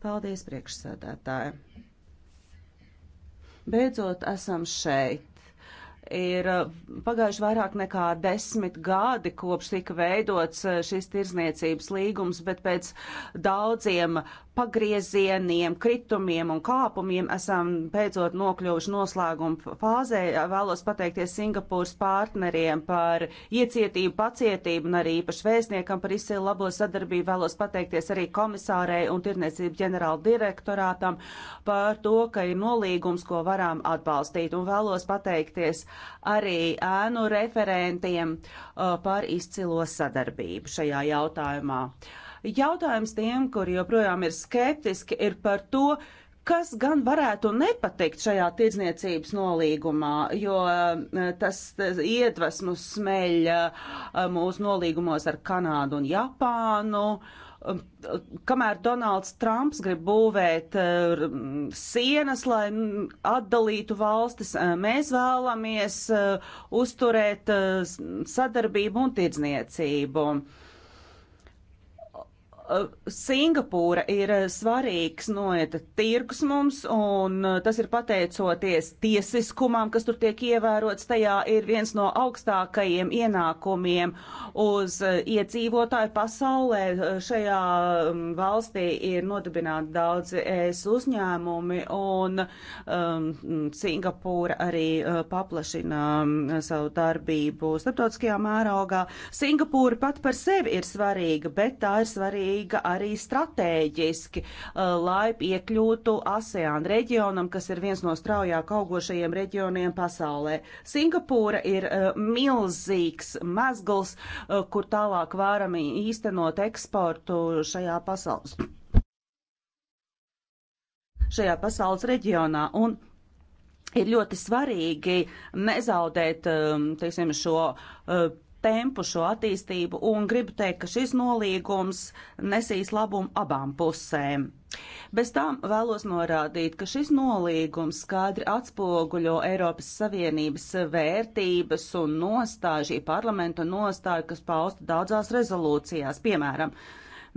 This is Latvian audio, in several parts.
Paldies, priekšsēdētāji! Beidzot, esam šeit. Ir uh, pagājuši vairāk nekā desmit gadi, kopš tika veidots uh, šis tirzniecības līgums, bet pēc daudziem pagriezieniem, kritumiem un kāpumiem esam beidzot nokļuvuši noslēguma fāzē. Vēlos pateikties Singapūras partneriem par iecietību, pacietību un arī īpaši vēstniekam par izcilu labo sadarbību. Vēlos pateikties arī komisārei un tirniecību ģenerāla direktorātam par to, ka ir nolīgums, ko varam atbalstīt. Un vēlos pateikties arī ēnu referentiem uh, par izcilo sadarbību šajā jautājumā. Uh, Jautājums tiem, kuri joprojām ir skeptiski, ir par to, kas gan varētu nepatikt šajā tirdzniecības nolīgumā, jo eh, tas iedvesmu smeļ eh, mūsu nolīgumos ar Kanādu un Japānu. Kamēr Donalds Trumps grib būvēt eh, sienas, lai atdalītu valstis, mēs vēlamies uzturēt sadarbību un tirdzniecību. Eh, Singapūra ir eh, svarīgs noiet tirgus mums, un eh, tas ir pateicoties tiesiskumam, kas tur tiek ievērots. Tajā ir viens no augstākajiem ienākumiem uz iedzīvotāju pasaulē. Šajā mm, valstī ir nodibināti daudzi ES uzņēmumi, un um, Singapūra arī paplašina mm, savu darbību starptautiskajā mērogā. Singapūra pat par sevi ir svarīga, bet tā ir svarīga svarīga arī stratēģiski, uh, lai piekļūtu ASEAN reģionam, kas ir viens no straujāk augošajiem reģioniem pasaulē. Singapūra ir uh, milzīgs mezgls, uh, kur tālāk vārami īstenot eksportu šajā pasaules. Šajā pasaules reģionā. Un ir ļoti svarīgi nezaudēt um, teiksim, šo tempu, šo attīstību, un gribu teikt, ka šis nolīgums nesīs labumu abām pusēm. Bez tām vēlos norādīt, ka šis nolīgums skaidri atspoguļo Eiropas Savienības vērtības un nostāju, šī parlamenta nostāju, kas pausta daudzās rezolūcijās, piemēram,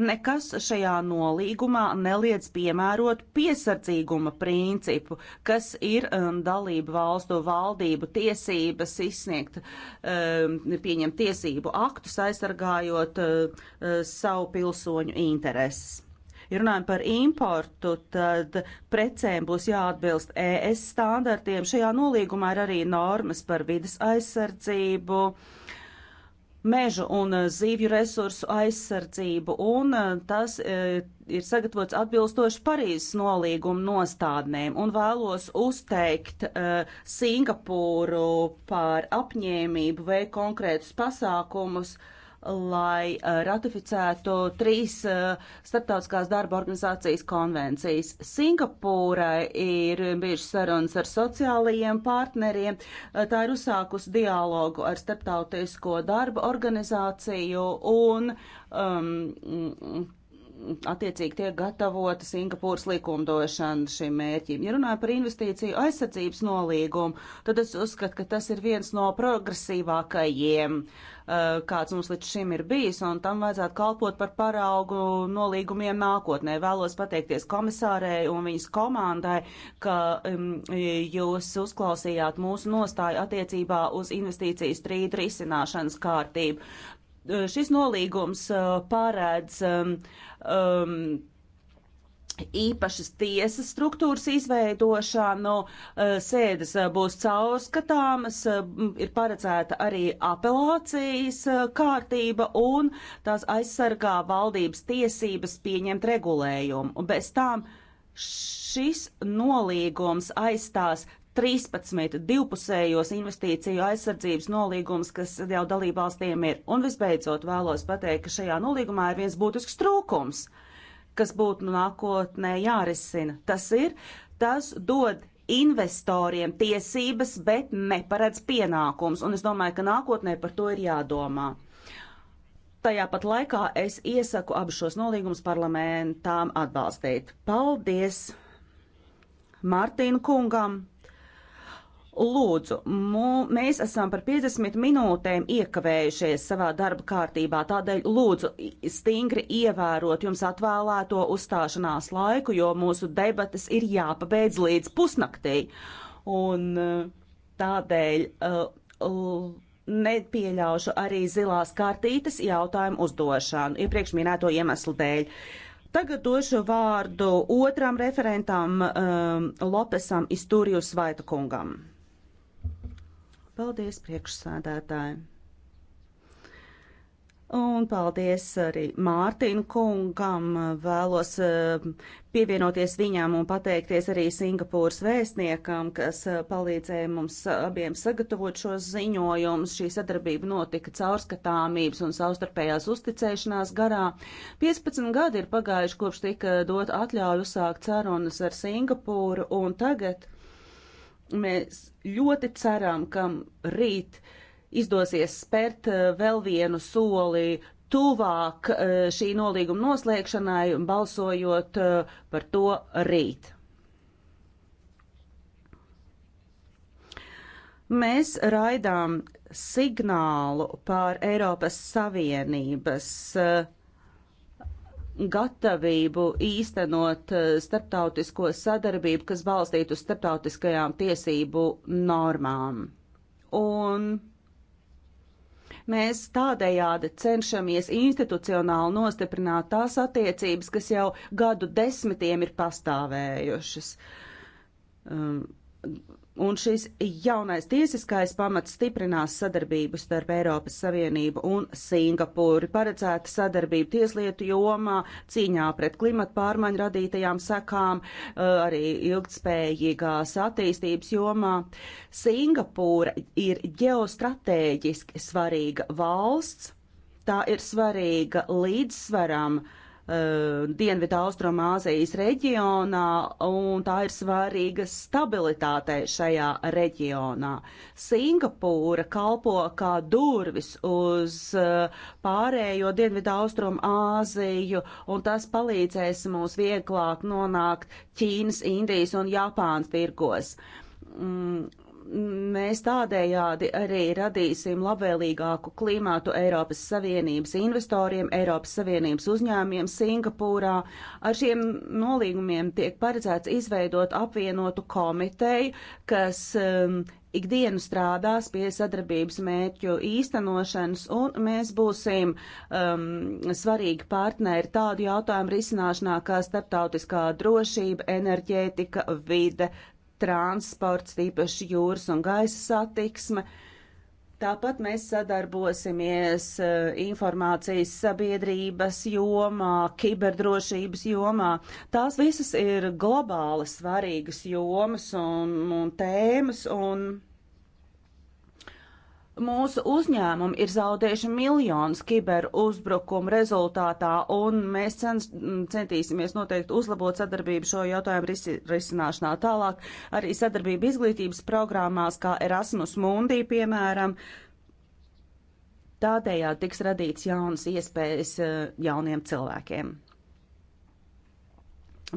Nekas šajā nolīgumā neliedz piemērot piesardzīguma principu, kas ir um, dalību valstu valdību tiesības izsniegt, um, pieņemt tiesību aktus, aizsargājot uh, uh, savu pilsoņu intereses. Ja runājam par importu, tad precēm būs jāatbilst ES standartiem. Šajā nolīgumā ir arī normas par vidas aizsardzību. Uh, mežu un eh, zīvju resursu aizsardzību, un eh, tas eh, ir sagatavots atbilstoši Parīzes nolīguma nostādnēm, un vēlos uzteikt Singapūru par apņēmību veikt konkrētus pasākumus, uh, lai uh, ratificētu trīs uh, starptautiskās darba organizācijas konvencijas. Singapūrai ir bijušas sarunas ar sociālajiem partneriem, uh, tā ir uzsākus dialogu ar starptautisko darba organizāciju un um, attiecīgi tiek gatavota Singapūras likumdošana šim mērķim. Ja runāju par investīciju aizsardzības nolīgumu, tad es uzskatu, ka tas ir viens no progresīvākajiem, uh, kāds mums līdz šim ir bijis, un tam vajadzētu kalpot par paraugu nolīgumiem nākotnē. Vēlos pateikties komisārei un viņas komandai, ka um, jūs uzklausījāt mūsu nostāju attiecībā uz investīciju strīdu risināšanas kārtību. Eh, šis nolīgums eh, pārēdz um, īpašas tiesas struktūras izveidošanu, eh, sēdes būs caurskatāmas, ir paredzēta arī apelācijas kārtība un tās aizsargā valdības tiesības pieņemt regulējumu. Bez tām šis nolīgums aizstās 13 divpusējos investīciju aizsardzības nolīgums, kas jau dalībvalstīm ir. Un visbeidzot vēlos pateikt, ka šajā nolīgumā ir viens būtisks trūkums, kas būtu nākotnē jārisina. Tas ir, tas dod investoriem tiesības, bet neparedz pienākums. Un es domāju, ka nākotnē par to ir jādomā. Tajā pat laikā es iesaku abus šos nolīgumus parlamentām atbalstīt. Paldies Mārtīnu kungam! Lūdzu, mū, mēs esam par 50 minūtēm iekavējušies savā darba kārtībā, tādēļ lūdzu stingri ievērot jums atvēlēto uzstāšanās laiku, jo mūsu debatas ir jāpabeidz līdz pusnaktī. Un e, tādēļ uh, nepieļaušu arī zilās kartītes jautājumu uzdošanu iepriekš minēto iemeslu dēļ. Tagad došu vārdu otram referentam um, Lopesam Isturijus Vaita kungam. Paldies priekšsādātāji! Un paldies arī Mārtiņu kungam. Vēlos eh, pievienoties viņam un pateikties arī Singapūras vēstniekam, kas eh, palīdzēja mums abiem sagatavot šos ziņojumus. Šī sadarbība notika caurskatāmības un savstarpējās uzticēšanās garā. 15 gadi ir pagājuši kopš tika dot atļauju sākt sarunas ar Singapūru un tagad. Mēs ļoti ceram, ka rīt izdosies spērt eh, vēl vienu soli tuvāk eh, šī nolīguma noslēgšanai, balsojot eh, par to rīt. Mēs raidām signālu par Eiropas Savienības uh, gatavību īstenot eh, starptautisko sadarbību, kas balstītu uz starptautiskajām tiesību normām. Un mēs tādējādi cenšamies institucionāli nostiprināt tās attiecības, kas jau gadu desmitiem ir pastāvējušas. Um, Un šis jaunais tiesiskais pamats stiprinās sadarbību starp Eiropas Savienību un Singapūru. Paredzēta sadarbība tieslietu jomā, cīņā pret klimatu pārmaiņu radītajām sekām, arī ilgtspējīgās attīstības jomā. Singapūra ir ģeostrateģiski svarīga valsts. Tā ir svarīga līdzsvaram uh, Eh, Dienvidu Austrumāzijas reģionā, un tā ir svarīga stabilitātei šajā reģionā. Singapūra kalpo kā durvis uz eh, pārējo Dienvidu Austrumāziju, un tas palīdzēs mums vieglāk nonākt Ķīnas, Indijas un Japānas tirgos. Mm, mēs tādējādi arī radīsim labvēlīgāku klimātu Eiropas Savienības investoriem, Eiropas Savienības uzņēmiem Singapūrā. Ar šiem nolīgumiem tiek paredzēts izveidot apvienotu komiteju, kas um, ikdienu strādās pie sadarbības mērķu īstenošanas, un mēs būsim um, svarīgi partneri tādu jautājumu risināšanā kā starptautiskā drošība, enerģētika, vide, transports, tīpaši jūras un gaisa satiksme. Tāpat mēs sadarbosimies eh, informācijas sabiedrības jomā, kiberdrošības jomā. Tās visas ir globāli svarīgas jomas un, un tēmas, un Mūsu uzņēmumi ir zaudējuši miljonus kiberuzbrukumu rezultātā, un mēs centīsimies noteikti uzlabot sadarbību šo jautājumu risi, risināšanā tālāk. Arī sadarbība izglītības programmās, kā Erasmus Mundī, piemēram, tādējādi tiks radīts jaunas iespējas eh, jauniem cilvēkiem.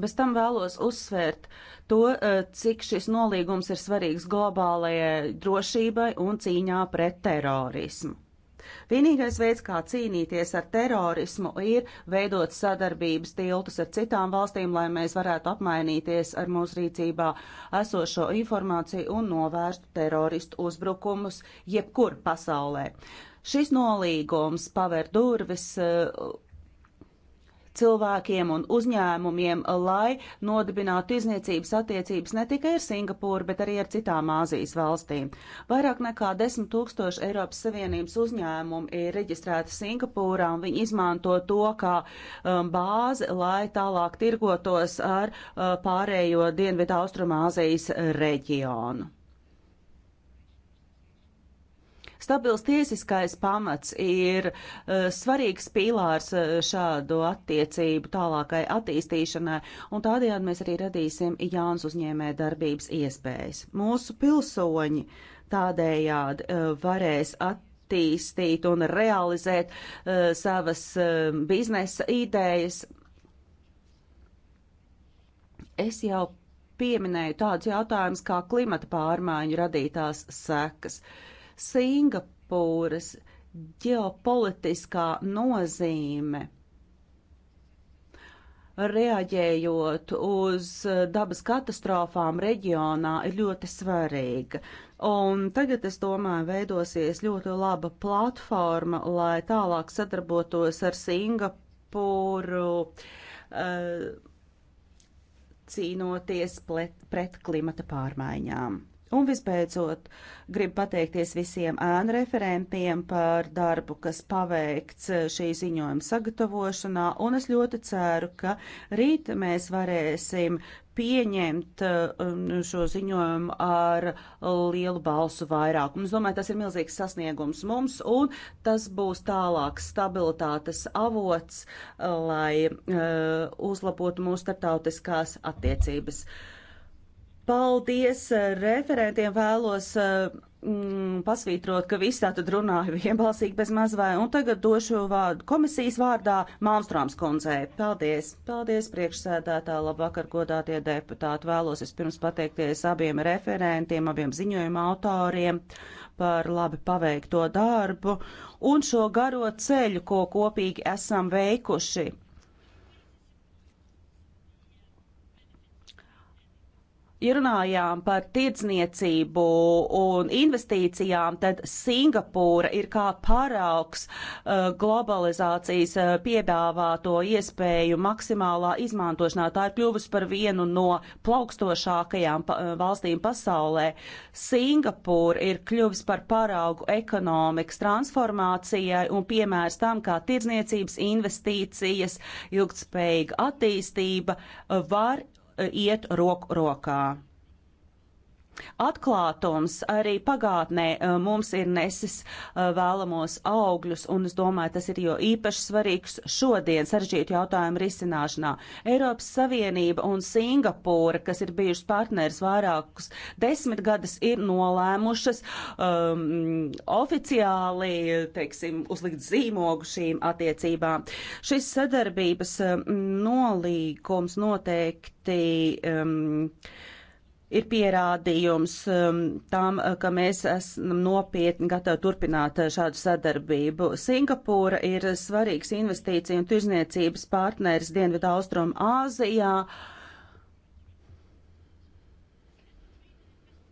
Bez tam vēlos uzsvērt to, eh, cik šis nolīgums ir svarīgs globālajai drošībai un cīņā pret terorismu. Vienīgais veids, kā cīnīties ar terorismu, ir veidot sadarbības tiltus ar citām valstīm, lai mēs varētu apmainīties ar mūsu rīcībā esošo informāciju un novērstu teroristu uzbrukumus jebkur pasaulē. Šis nolīgums paver durvis eh, cilvēkiem un uzņēmumiem, lai nodibinātu izniecības attiecības ne tikai ar Singapūru, bet arī ar citām Āzijas valstīm. Vairāk nekā 10 tūkstoši Eiropas Savienības uzņēmumu ir reģistrēti Singapūrā, un viņi izmanto to kā um, bāzi, lai tālāk tirgotos ar uh, pārējo Dienvidu Austrumāzijas reģionu. Stabils tiesiskais pamats ir uh, svarīgs pīlārs uh, šādu attiecību tālākai attīstīšanai, un tādējādi mēs arī radīsim jauns uzņēmē darbības iespējas. Mūsu pilsoņi tādējādi uh, varēs attīstīt attīstīt un realizēt uh, savas uh, biznesa idejas. Es jau pieminēju tādus jautājumus kā klimata pārmaiņu radītās sekas. Uh, Singapūras ģeopolitiskā nozīme reaģējot uz dabas katastrofām reģionā ir ļoti svarīga. Un tagad, es domāju, veidosies ļoti laba platforma, lai tālāk sadarbotos ar Singapūru, eh, cīnoties pret klimata pārmaiņām. Un visbeidzot, gribu pateikties visiem ēnu referentiem par darbu, kas paveikts eh, šī ziņojuma sagatavošanā, un es ļoti ceru, ka rīt mēs varēsim pieņemt eh, šo ziņojumu ar lielu balsu vairāk. Un es domāju, tas ir milzīgs sasniegums mums, un tas būs tālāks stabilitātes avots, lai uh, uzlabotu mūsu starptautiskās attiecības. Uh, Paldies eh, referentiem vēlos eh, mm, pasvītrot, ka viss tā tad runāja vienbalsīgi bez mazvai. Un tagad došu vārdu komisijas vārdā Mālstrāms kundzei. Paldies, paldies priekšsēdētā, labvakar, godātie deputāti. Vēlos es pirms pateikties abiem referentiem, abiem ziņojuma autoriem par labi paveikto darbu un šo garo ceļu, ko kopīgi esam veikuši runājām par tirdzniecību un investīcijām, tad Singapūra ir kā paraugs uh, globalizācijas uh, piedāvāto iespēju maksimālā izmantošanā. Tā ir kļuvusi par vienu no plaukstošākajām pa uh, valstīm pasaulē. Singapūra ir kļuvusi par paraugu ekonomikas transformācijai un piemērs tam, kā tirdzniecības investīcijas, ilgtspējīga attīstība var iet roku rokā. Atklātums arī pagātnē eh, mums ir nesis eh, vēlamos augļus, un es domāju, tas ir jo īpaši svarīgs šodien sarežģītu jautājumu risināšanā. Eiropas Savienība un Singapūra, kas ir bijušas partneris vairākus desmitgadus, ir nolēmušas um, oficiāli, teiksim, uzlikt zīmogu šīm attiecībām. Šis sadarbības um, nolīgums noteikti. Um, ir pierādījums um, tam, uh, ka mēs esam nopietni gatavi turpināt uh, šādu sadarbību. Singapūra ir svarīgs investīcija un tirzniecības partneris Dienvidu Austrum Āzijā.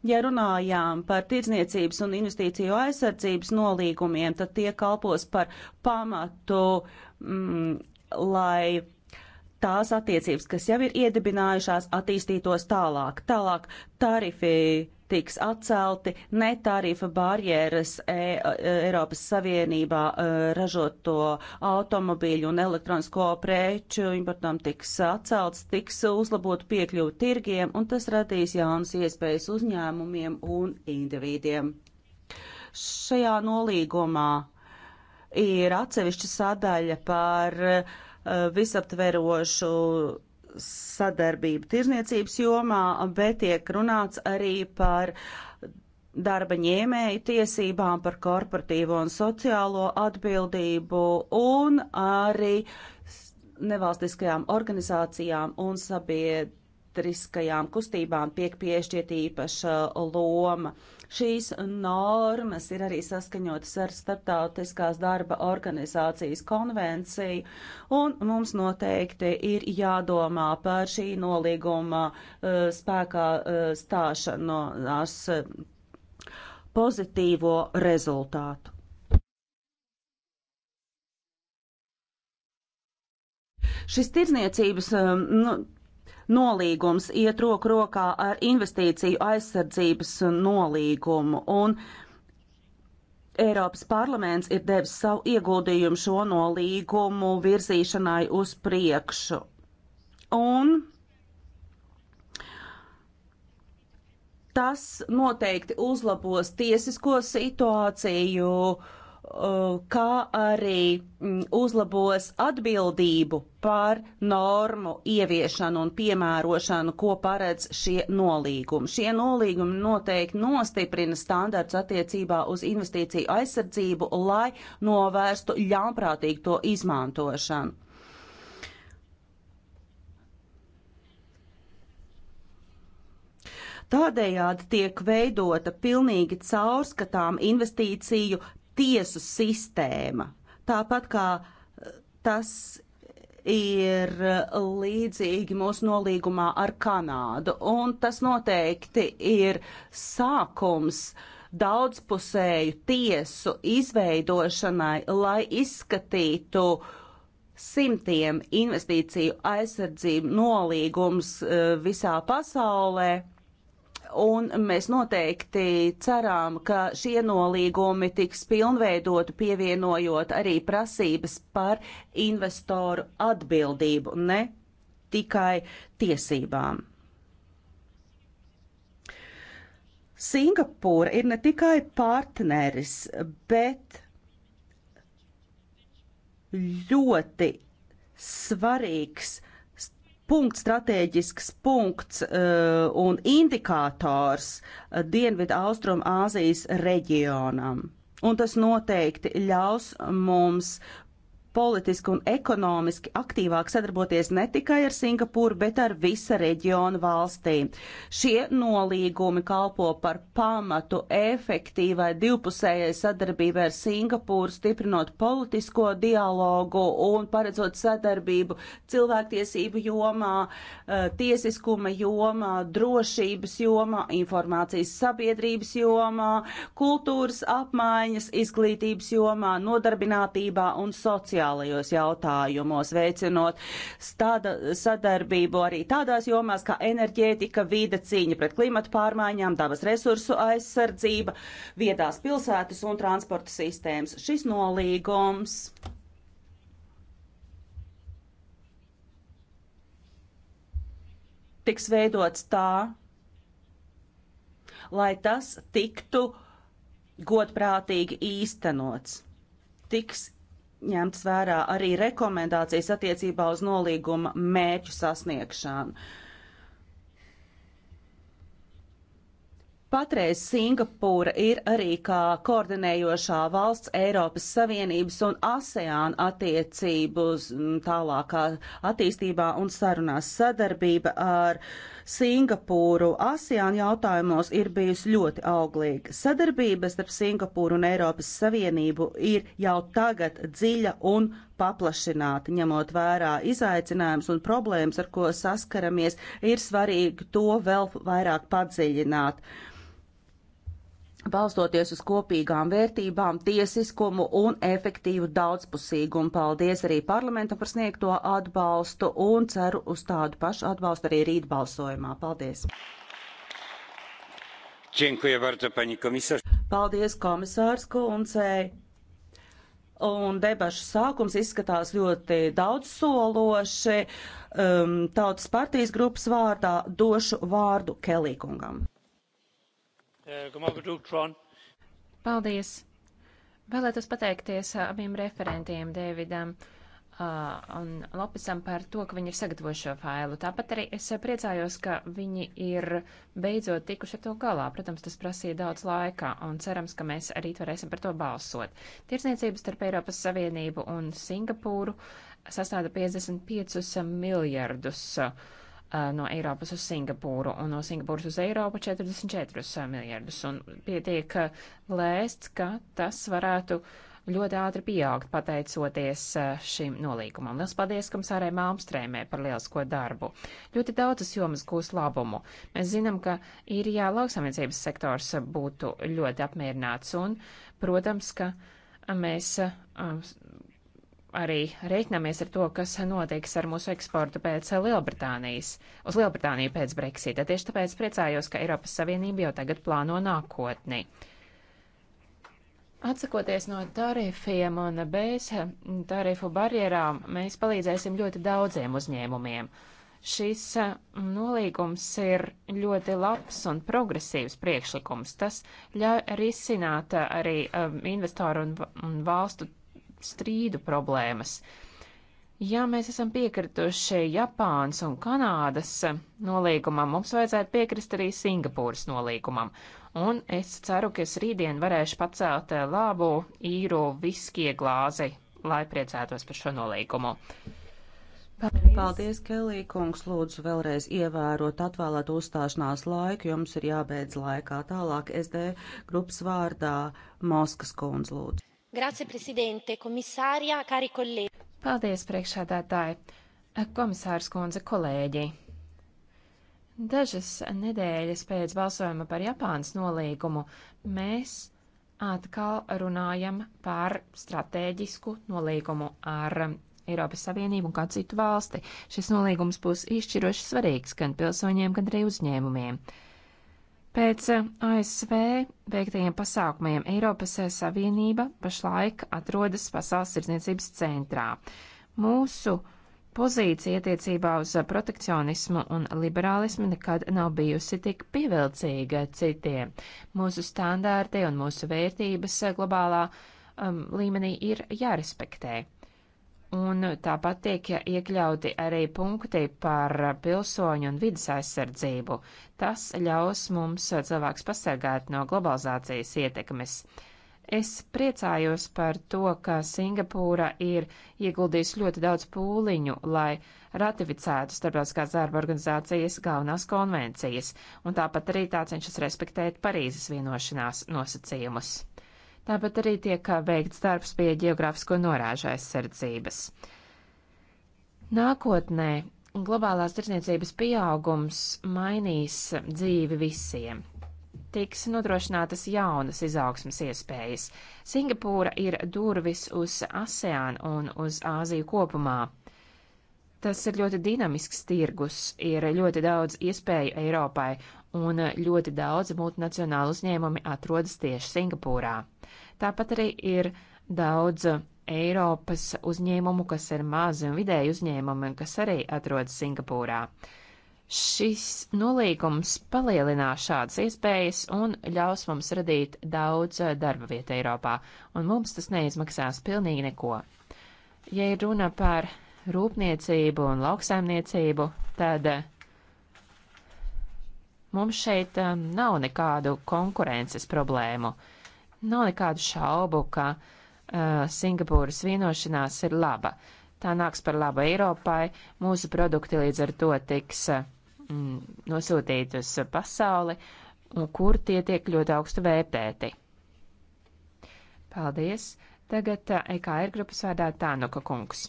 Ja runājām par tirdzniecības un investīciju aizsardzības nolīgumiem, tad tie kalpos par pamatu, mm, lai tās attiecības, kas jau ir iedibinājušās, attīstītos tālāk. Tālāk tarifi tiks atcelti, netarifa barjeras e, e Eiropas Savienībā e ražoto automobīļu un elektronisko preču importam tiks atcelts, tiks uzlabot piekļuvu tirgiem, un tas radīs jaunas iespējas uzņēmumiem un individiem. Šajā nolīgumā ir atsevišķa sadaļa par uh, visaptverošu sadarbību tirzniecības jomā, bet tiek runāts arī par darba ņēmēju tiesībām, par korporatīvo un sociālo atbildību un arī nevalstiskajām organizācijām un sabiedriskajām kustībām tiek piešķiet īpaša loma. Uh, Šīs normas ir arī saskaņotas ar Startautiskās darba organizācijas konvenciju, un mums noteikti ir jādomā par šī nolīguma uh, spēkā uh, stāšanos uh, pozitīvo rezultātu. Šis tirzniecības nu, nolīgums iet roku rokā ar investīciju aizsardzības nolīgumu. Un Eiropas parlaments ir devis savu ieguldījumu šo nolīgumu virzīšanai uz priekšu. Un tas noteikti uzlabos tiesisko situāciju uh, Uh, kā arī mm, uzlabos atbildību pār normu ieviešanu un piemērošanu, ko paredz šie nolīgumi. Šie nolīgumi noteikti nostiprina standarts attiecībā uz investīciju aizsardzību, lai novērstu ļaunprātīgu to izmantošanu. Tādējādi tiek veidota pilnīgi caurskatām investīciju tiesu sistēma. Tāpat kā eh, tas ir eh, līdzīgi mūsu nolīgumā ar Kanādu, un tas noteikti ir sākums daudzpusēju tiesu izveidošanai, lai izskatītu simtiem investīciju aizsardzību nolīgums eh, visā pasaulē un mēs noteikti ceram, ka šie nolīgumi tiks pilnveidoti, pievienojot arī prasības par investoru atbildību, ne tikai tiesībām. Singapūra ir ne tikai partneris, bet ļoti svarīgs punkts, strateģisks punkts uh, un indikators uh, eh, Dienvidu Austrum Āzijas reģionam. Un tas noteikti ļaus mums politiski un ekonomiski aktīvāk sadarboties ne tikai ar Singapūru, bet ar visa reģiona valstīm. Šie nolīgumi kalpo par pamatu efektīvai divpusējai sadarbībai ar Singapūru, stiprinot politisko dialogu un paredzot sadarbību cilvēktiesību jomā, eh, tiesiskuma jomā, drošības jomā, informācijas sabiedrības jomā, kultūras apmaiņas, izglītības jomā, nodarbinātībā un sociālajā sociālajos jautājumos, veicinot stada, sadarbību arī tādās jomās kā enerģētika, vīda cīņa pret klimatu pārmaiņām, dabas resursu aizsardzība, viedās pilsētas un transporta sistēmas. Šis nolīgums. Tiks veidots tā, lai tas tiktu godprātīgi īstenots. Tiks ņemts vērā arī rekomendācijas attiecībā uz nolīguma mērķu sasniegšanu. Patreiz Singapūra ir arī kā koordinējošā valsts Eiropas Savienības un ASEAN attiecību uz tālākā attīstībā un sarunās sadarbība ar uh, Singapūru. ASEAN jautājumos ir bijusi ļoti auglīga. Sadarbība starp Singapūru un Eiropas Savienību ir jau tagad dziļa un paplašināta, ņemot vērā izaicinājums un problēmas, ar ko saskaramies, ir svarīgi to vēl vairāk padziļināt balstoties uz kopīgām vērtībām, tiesiskumu un efektīvu daudzpusīgumu. Paldies arī parlamentam par sniegto atbalstu un ceru uz tādu pašu atbalstu arī rīt balsojumā. Paldies! Bardzo, komisār. Paldies komisārs kundzei! Un debašu sākums izskatās ļoti daudzsološi. Um, tautas partijas grupas vārdā došu vārdu Kelīkungam. Uh, Paldies! Vēlētos pateikties uh, abiem referentiem, Dēvidam uh, un Lopesam, par to, ka viņi ir sagatavojuši šo failu. Tāpat arī es priecājos, ka viņi ir beidzot tikuši ar to galā. Protams, tas prasīja daudz laika, un cerams, ka mēs arī varēsim par to balsot. Tirzniecības starp Eiropas Savienību un Singapūru sastāda 55 miljardus. Uh, Uh, no Eiropas uz Singapūru un no Singapūras uz Eiropu 44 uh, miljardus. Un pietiek uh, lēsts, ka tas varētu ļoti ātri pieaugt pateicoties šim nolīgumam. Lielas paldies, komisārai Malmstrēmē par lielisko darbu. Ļoti daudzas jomas gūs labumu. Mēs zinām, ka īrijā lauksamniecības sektors būtu ļoti apmierināts un, protams, ka mēs arī reiķinamies ar to, kas notiks ar mūsu eksportu pēc Lielbritānijas, uz Lielbritāniju pēc Brexita. Tieši tāpēc priecājos, ka Eiropas Savienība jau tagad plāno nākotni. Atsakoties no tarifiem un bez tarifu barjerām, mēs palīdzēsim ļoti daudziem uzņēmumiem. Šis nolīgums ir ļoti labs un progresīvs priekšlikums. Tas ļauj risināt arī um, investoru un valstu strīdu problēmas. Ja mēs esam piekrituši Japānas un Kanādas nolīgumam, mums vajadzētu piekrist arī Singapūras nolīgumam. Un es ceru, ka es rītdien varēšu pacelt eh, labu īru viskie glāzi, lai priecētos par šo nolīgumu. Paldies, Paldies Kelī, kungs, lūdzu vēlreiz ievērot atvēlēt uzstāšanās laiku, jums ir jābeidz laikā tālāk SD grupas vārdā Moskas kundz, lūdzu. Grazie, prezidente, komisārija, kari kolēģi. Paldies, priekšādātāji, komisārs kundze, kolēģi. Dažas nedēļas pēc balsojuma par Japānas nolīgumu mēs atkal runājam par stratēģisku nolīgumu ar Eiropas Savienību un kādu citu valsti. Šis nolīgums būs izšķiroši svarīgs gan pilsoņiem, gan arī uzņēmumiem. Uh, Pēc eh, ASV veiktajiem pasākumiem Eiropas eh, Savienība pašlaik atrodas pasaules tirdzniecības centrā. Mūsu pozīcija attiecībā uz eh, protekcionismu un liberālismu nekad nav bijusi tik pievilcīga citiem. Mūsu standārti un mūsu vērtības globālā um, līmenī ir jārespektē un tāpat tiek iekļauti arī punkti par pilsoņu un vidas aizsardzību. Tas ļaus mums cilvēks pasargāt no globalizācijas ietekmes. Es priecājos par to, ka Singapūra ir ieguldījusi ļoti daudz pūliņu, lai ratificētu starptautiskās darba organizācijas galvenās konvencijas, un tāpat arī tā cenšas respektēt Parīzes vienošanās nosacījumus. Tāpat arī tiek veikts darbs pie geogrāfisko norāžu aizsardzības. Nākotnē globālās tirsniecības pieaugums mainīs dzīvi visiem. Tiks nodrošinātas jaunas izaugsmas iespējas. Singapūra ir durvis uz ASEAN un uz Āziju kopumā. Tas ir ļoti dinamisks tirgus, ir ļoti daudz iespēju Eiropai, un eh, ļoti daudz multinacionālu uzņēmumi atrodas tieši Singapūrā. Tāpat arī ir daudz eh, Eiropas uzņēmumu, kas ir mazi un vidēji uzņēmumi, kas arī atrodas Singapūrā. Šis nolīgums palielinās šādas iespējas un ļaus mums radīt daudz eh, darba vietu Eiropā, un mums tas neizmaksās pilnīgi neko. Ja ir runa par rūpniecību un lauksaimniecību, tad uh, Mums šeit um, nav nekādu konkurences problēmu. Nav nekādu šaubu, ka uh, Singapūras vienošanās ir laba. Tā nāks par labu Eiropai, mūsu produkti līdz ar to tiks uh, mm, nosūtīti uz pasauli, kur tie tiek ļoti augstu vērtēti. Paldies! Tagad uh, EKR grupas vārdā Tānuka kungs.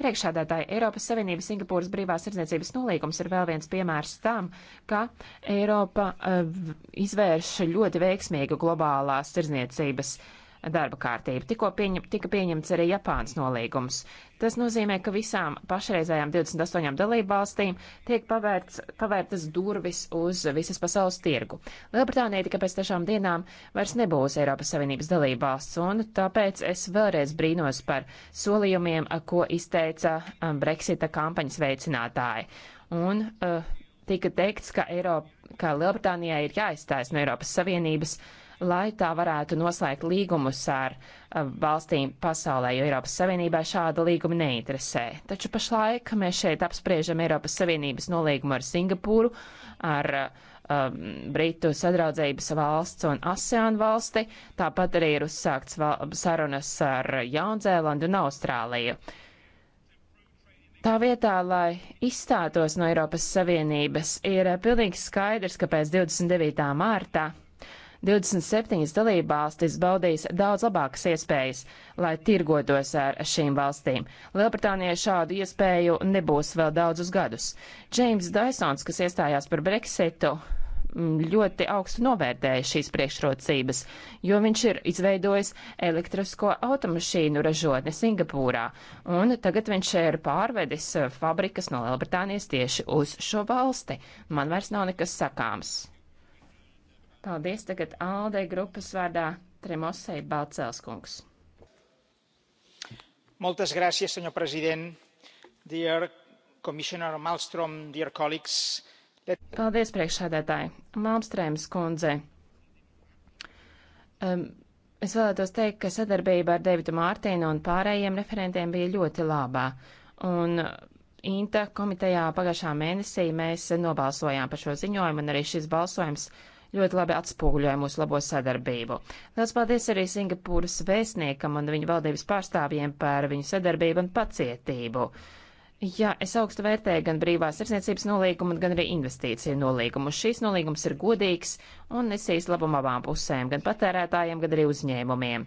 Priekšādātāja Eiropas Savienības Singapūras brīvās tirdzniecības nolīgums ir vēl viens piemērs tam, ka Eiropa uh, izvērš ļoti veiksmīgu globālās tirdzniecības uh, darba kārtību. Tikko pieņem, tika pieņemts arī Japānas nolīgums. Tas nozīmē, ka visām pašreizējām 28 dalībvalstīm tiek pavērts, pavērtas durvis uz visas pasaules tirgu. Lielbritānija tikai pēc tiešām dienām vairs nebūs Eiropas Savienības dalībvalsts, un tāpēc es vēlreiz brīnos par solījumiem, ko izteica um, Brexita kampaņas veicinātāji. Un uh, tika teikts, ka, Eiropa, ka Lielbritānijai ir jāizstājas no Eiropas Savienības uh, lai tā varētu noslēgt līgumus ar uh, valstīm pasaulē, jo Eiropas Savienībā šāda līguma neinteresē. Taču pašlaik mēs šeit apspriežam Eiropas Savienības nolīgumu ar Singapūru, ar uh, um, Britu sadraudzības valsts un ASEAN valsti, tāpat arī ir uzsākts sarunas ar Jaunzēlandu un Austrāliju. Tā vietā, lai izstātos no Eiropas Savienības, ir uh, pilnīgi skaidrs, ka pēc 29. mārta 27 dalībvalstis baudīs daudz labākas iespējas, lai tirgotos ar šīm valstīm. Lielbritānijai šādu iespēju nebūs vēl daudzus gadus. Džeims Daisons, kas iestājās par Brexitu, mm, ļoti augstu novērtēja šīs priekšrocības, jo viņš ir izveidojis elektrisko automašīnu ražotni Singapūrā, un tagad viņš ir pārvedis fabrikas no Lielbritānijas tieši uz šo valsti. Man vairs nav nekas sakāms. Paldies tagad Aldei grupas vārdā Tremosei Balcelskungs. Moltes gràcies, senyor president. Dear Commissioner Malmström, dear colleagues. Let... Paldies, priekšsēdētāji. Malmstrēms kundze. Um, es vēlētos teikt, ka sadarbība ar Davidu Mārtīnu un pārējiem referentiem bija ļoti labā. Un uh, Inta komitejā pagājušā mēnesī mēs nobalsojām par šo ziņojumu, un arī šis balsojums ļoti labi atspūgļoja mūsu labo sadarbību. Daudz paldies arī Singapūras vēstniekam un viņa valdības pārstāvjiem par viņu sadarbību un pacietību. Uh, Jā, es augstu vērtēju gan brīvās arsniecības nolīgumu, gan arī investīciju nolīgumu. Šīs nolīgums ir godīgs un nesīs labumu abām pusēm, gan patērētājiem, gan arī uzņēmumiem.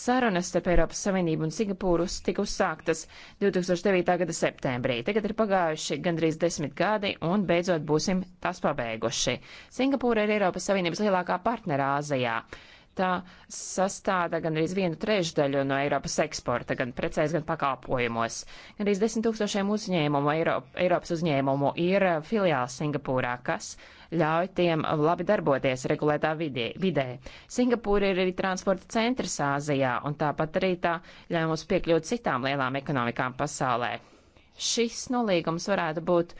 Sarunas starp Eiropas Savienību un Singapūru tika uzsāktas 2009. gada septembrī. Tagad ir pagājuši gandrīz desmit gadi un beidzot būsim tas pabeiguši. Singapūra ir Eiropas Savienības lielākā partnerā Āzijā tā sastāda gan arī vienu trešdaļu no Eiropas eksporta, gan precēs, gan pakalpojumos. Gan arī desmit tūkstošiem uzņēmumu, Eiropa, Eiropas uzņēmumu ir filiāls Singapūrā, kas ļauj tiem labi darboties regulētā vidē. vidē. Singapūra ir arī transporta centrs Āzijā, un tāpat arī tā ļauj mums piekļūt citām lielām ekonomikām pasaulē. Šis nolīgums varētu būt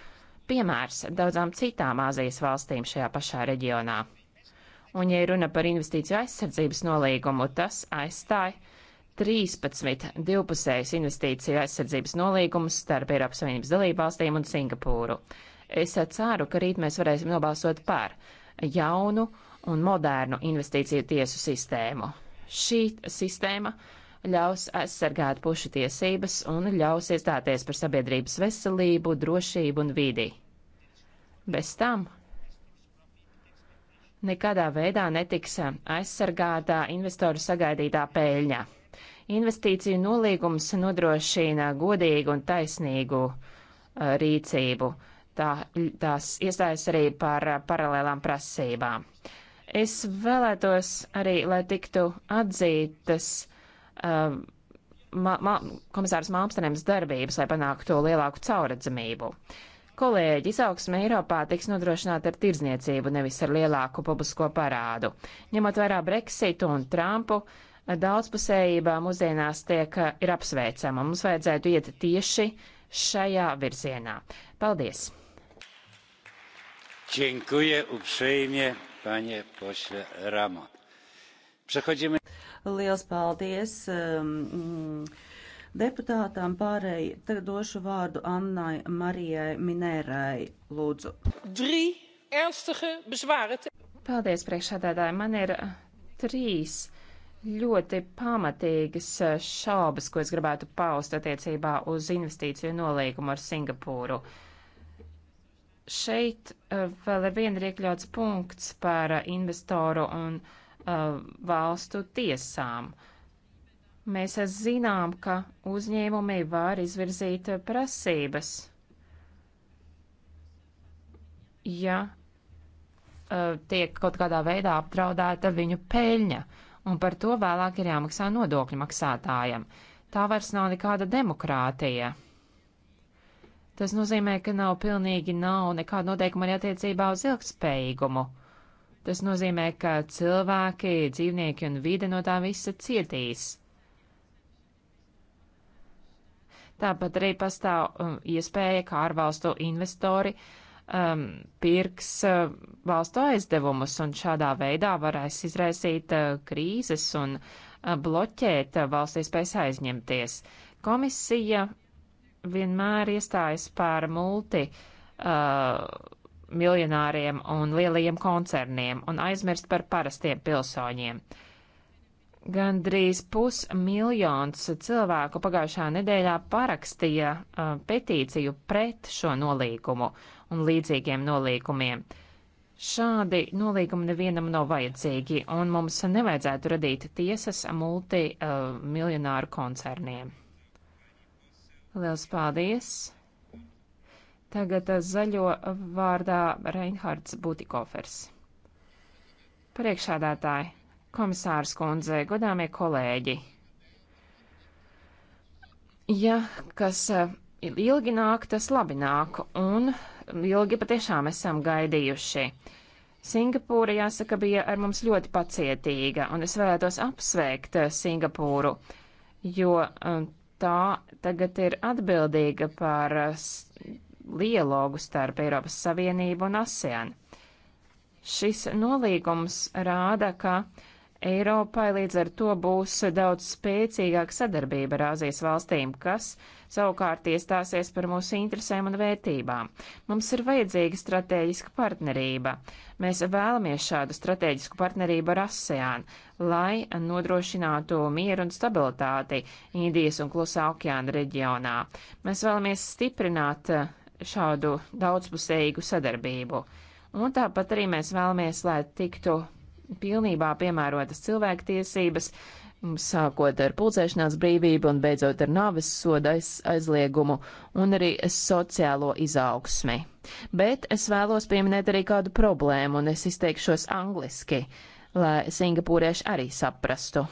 piemērs daudzām citām Āzijas valstīm šajā pašā reģionā. Un, ja runa par investīciju aizsardzības nolīgumu, tas aizstāja 13 divpusējas investīciju aizsardzības nolīgumus starp Eiropas Savienības dalībvalstīm un Singapūru. Es ceru, ka rīt mēs varēsim nobalsot par jaunu un modernu investīciju tiesu sistēmu. Šī sistēma ļaus aizsargāt pušu tiesības un ļaus iestāties par sabiedrības veselību, drošību un vidi. Bez tam nekādā veidā netiks eh, aizsargātā investoru sagaidītā pēļņa. Investīciju nolīgums nodrošina godīgu un taisnīgu eh, rīcību. Tā, tās iestājas arī par eh, paralēlām prasībām. Es vēlētos arī, lai tiktu atzītas uh, ma ma komisārs Malmstrēms darbības, lai panāktu lielāku cauradzamību. Uh, Kolēģi, izaugsme Eiropā tiks nodrošināta ar tirdzniecību, nevis ar lielāku publisko parādu. Ņemot vērā Brexitu un Trumpu, daudzpusējība mūsdienās tiek ir apsveicama. Mums vajadzētu iet tieši šajā virzienā. Paldies! Dziękuję uprzejmie, panie pośle Ramo. Przechodzimy. Liels paldies. Um, mm deputātām. Pārēji tagad došu vārdu Annai Marijai Minērai. Lūdzu. Paldies, priekšādādāji. Man ir eh, trīs ļoti pamatīgas eh, šaubas, ko es gribētu paust attiecībā uz investīciju nolīgumu ar Singapūru. Šeit eh, vēl ir viena iekļauts punkts par investoru un uh, valstu tiesām. Uh, Mēs zinām, ka uzņēmumi var izvirzīt prasības. Ja tiek kaut kādā veidā apdraudēta viņu peļņa, un par to vēlāk ir jāmaksā nodokļu maksātājam. Tā vairs nav nekāda demokrātija. Tas nozīmē, ka nav pilnīgi nav nekāda noteikuma arī attiecībā uz ilgspējīgumu. Tas nozīmē, ka cilvēki, dzīvnieki un vide no tā visa cietīs. Tāpat arī pastāv um, iespēja, kā ārvalstu investori um, pirks uh, valstu aizdevumus, un šādā veidā varēs izraisīt uh, krīzes un uh, bloķēt uh, valsts iespējas aizņemties. Komisija vienmēr iestājas par multi. Uh, miljonāriem un lielajiem koncerniem un aizmirst par parastiem pilsoņiem. Uh, Gandrīz pusmiljons cilvēku pagājušā nedēļā parakstīja uh, petīciju pret šo nolīgumu un līdzīgiem nolīgumiem. Šādi nolīgumi nevienam nav vajadzīgi, un mums nevajadzētu radīt tiesas multimiljonāru uh, koncerniem. Liels paldies! Tagad uh, zaļo vārdā Reinhards Butikofers. Priekšādātāji! Komisārs kundze, godāmie kolēģi, ja kas eh, ilgi nāk, tas labi nāk, un ilgi patiešām esam gaidījuši. Singapūra, jāsaka, bija ar mums ļoti pacietīga, un es vēlētos apsveikt eh, Singapūru, jo eh, tā tagad ir atbildīga par dialogu starp Eiropas Savienību un ASEAN. Šis nolīgums rāda, ka Eiropai līdz ar to būs daudz spēcīgāka sadarbība ar Āzijas valstīm, kas savukārt iestāsies par mūsu interesēm un vērtībām. Mums ir vajadzīga strateģiska partnerība. Mēs vēlamies šādu strateģisku partnerību ar ASEAN, lai nodrošinātu mieru un stabilitāti Indijas un Klusā okeāna reģionā. Mēs vēlamies stiprināt šādu daudzpusēju sadarbību. Un tāpat arī mēs vēlamies, lai tiktu pilnībā piemērotas cilvēktiesības, sākot ar pulcēšanās brīvību un beidzot ar nāves soda aiz, aizliegumu un arī sociālo izaugsmi. Bet es vēlos pieminēt arī kādu problēmu, un es izteikšos angliski, lai singapūrieši arī saprastu.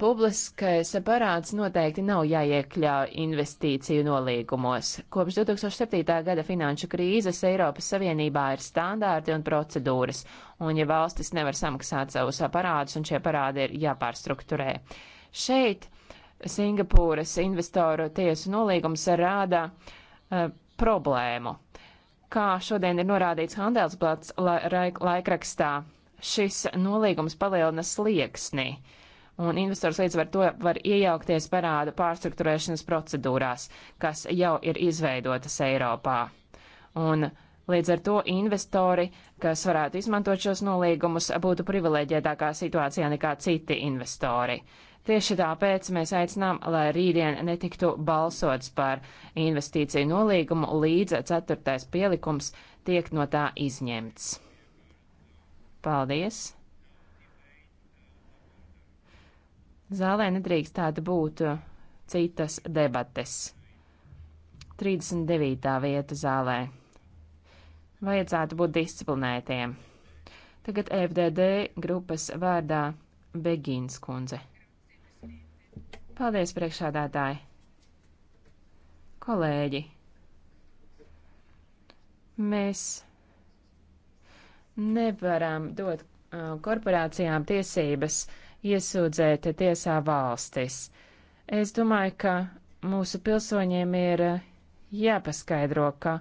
Publiskais parāds noteikti nav jāiekļauj investīciju nolīgumos. Kopš 2007. gada finanšu krīzes Eiropas Savienībā ir standārti un procedūras, un ja valstis nevar samaksāt savus parādus, un šie parādi ir jāpārstrukturē. Šeit Singapūras investoru tiesu nolīgums rāda uh, problēmu. Kā šodien ir norādīts Handelsblats laikrakstā, šis nolīgums palielina slieksni. Uh, un investors līdz ar to var iejaukties parādu pārstruktūrēšanas procedūrās, kas jau ir izveidotas Eiropā. Un līdz ar to investori, kas varētu izmantot šos nolīgumus, būtu privileģētākā situācijā nekā citi investori. Tieši tāpēc mēs aicinām, lai rītdien netiktu balsots par investīciju nolīgumu līdz ceturtais pielikums tiek no tā izņemts. Paldies! Zālē nedrīkst tāda būt uh, citas debates. 39. vieta zālē. Vajadzētu būt disciplinētiem. Tagad FDD grupas vārdā Begīns kundze. Paldies, priekšādātāji! Kolēģi! Mēs nevaram dot uh, korporācijām tiesības uh, iesūdzēt tiesā valstis. Es domāju, ka mūsu pilsoņiem ir jāpaskaidro, ka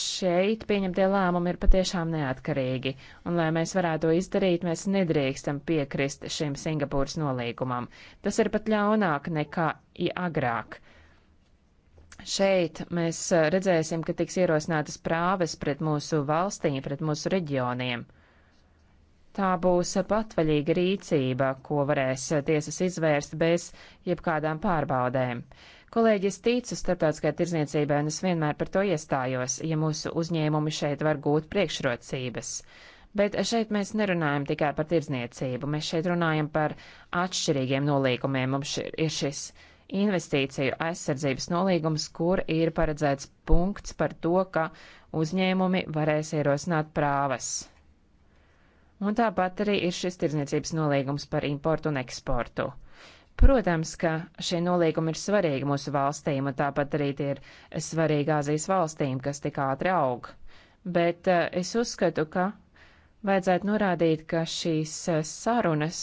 šeit pieņemtie lēmumi ir patiešām neatkarīgi, un lai mēs varētu to izdarīt, mēs nedrīkstam piekrist šim Singapūras nolīgumam. Tas ir pat ļaunāk nekā agrāk. Šeit mēs redzēsim, ka tiks ierosinātas prāves pret mūsu valstīm, pret mūsu reģioniem. Tā būs patvaļīga rīcība, ko varēs tiesas izvērst bez jebkādām pārbaudēm. Kolēģi, es ticu starptautiskajai tirzniecībai un es vienmēr par to iestājos, ja mūsu uzņēmumi šeit var gūt priekšrocības. Bet šeit mēs nerunājam tikai par tirdzniecību, mēs šeit runājam par atšķirīgiem nolīgumiem. Mums ir šis investīciju aizsardzības nolīgums, kur ir paredzēts punkts par to, ka uzņēmumi varēs ierosināt prāvas. Un tāpat arī ir šis tirdzniecības nolīgums par importu un eksportu. Protams, ka šie nolīgumi ir svarīgi mūsu valstīm, un tāpat arī tie ir svarīgi Āzijas valstīm, kas tik ātri aug. Bet uh, es uzskatu, ka vajadzētu norādīt, ka šīs eh, sarunas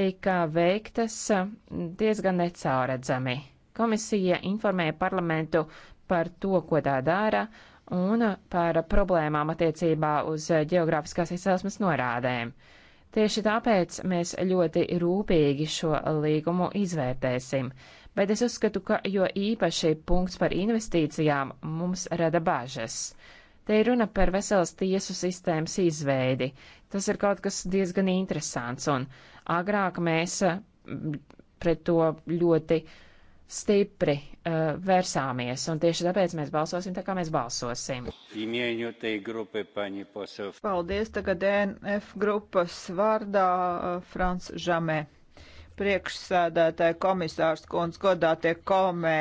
tika veiktas eh, diezgan necāredzami. Komisija informēja parlamentu par to, ko tā dara, uh, un par problēmām attiecībā uz geogrāfiskās izcelsmes norādēm. Tieši tāpēc mēs ļoti rūpīgi šo līgumu izvērtēsim, bet es uzskatu, ka jo īpaši punkts par investīcijām mums rada bažas. Te ir runa par veselas tiesu sistēmas izveidi. Tas ir kaut kas diezgan interesants, un agrāk mēs pret to ļoti uh, stipri uh, vērsāmies, un tieši tāpēc mēs balsosim tā, kā mēs balsosim. Paldies tagad DNF e grupas vārdā uh, Frans Žamē. Priekšsēdētāji komisārs kundz godātie komē,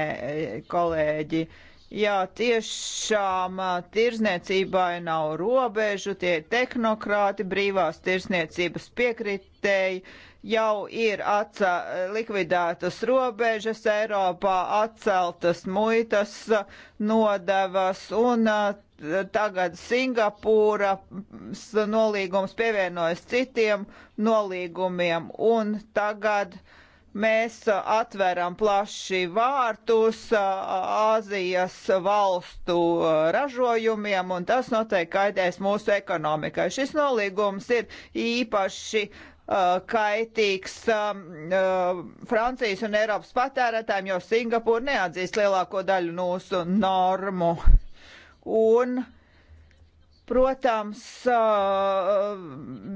kolēģi. Uh, Jā, tiešām tirzniecībai nav robežu, tie ir tehnokrāti, brīvās tirzniecības piekritēji, jau ir atca, likvidētas robežas Eiropā, atceltas muitas nodevas un tagad Singapūras nolīgums pievienojas citiem nolīgumiem un tagad uh, Mēs atveram plaši vārtus Āzijas valstu ražojumiem, un tas noteikti kaitēs mūsu ekonomikai. Šis nolīgums ir īpaši kaitīgs uh, Francijas un Eiropas patērētājiem, jo Singapūra neatzīst lielāko daļu mūsu normu. Un uh, Protams,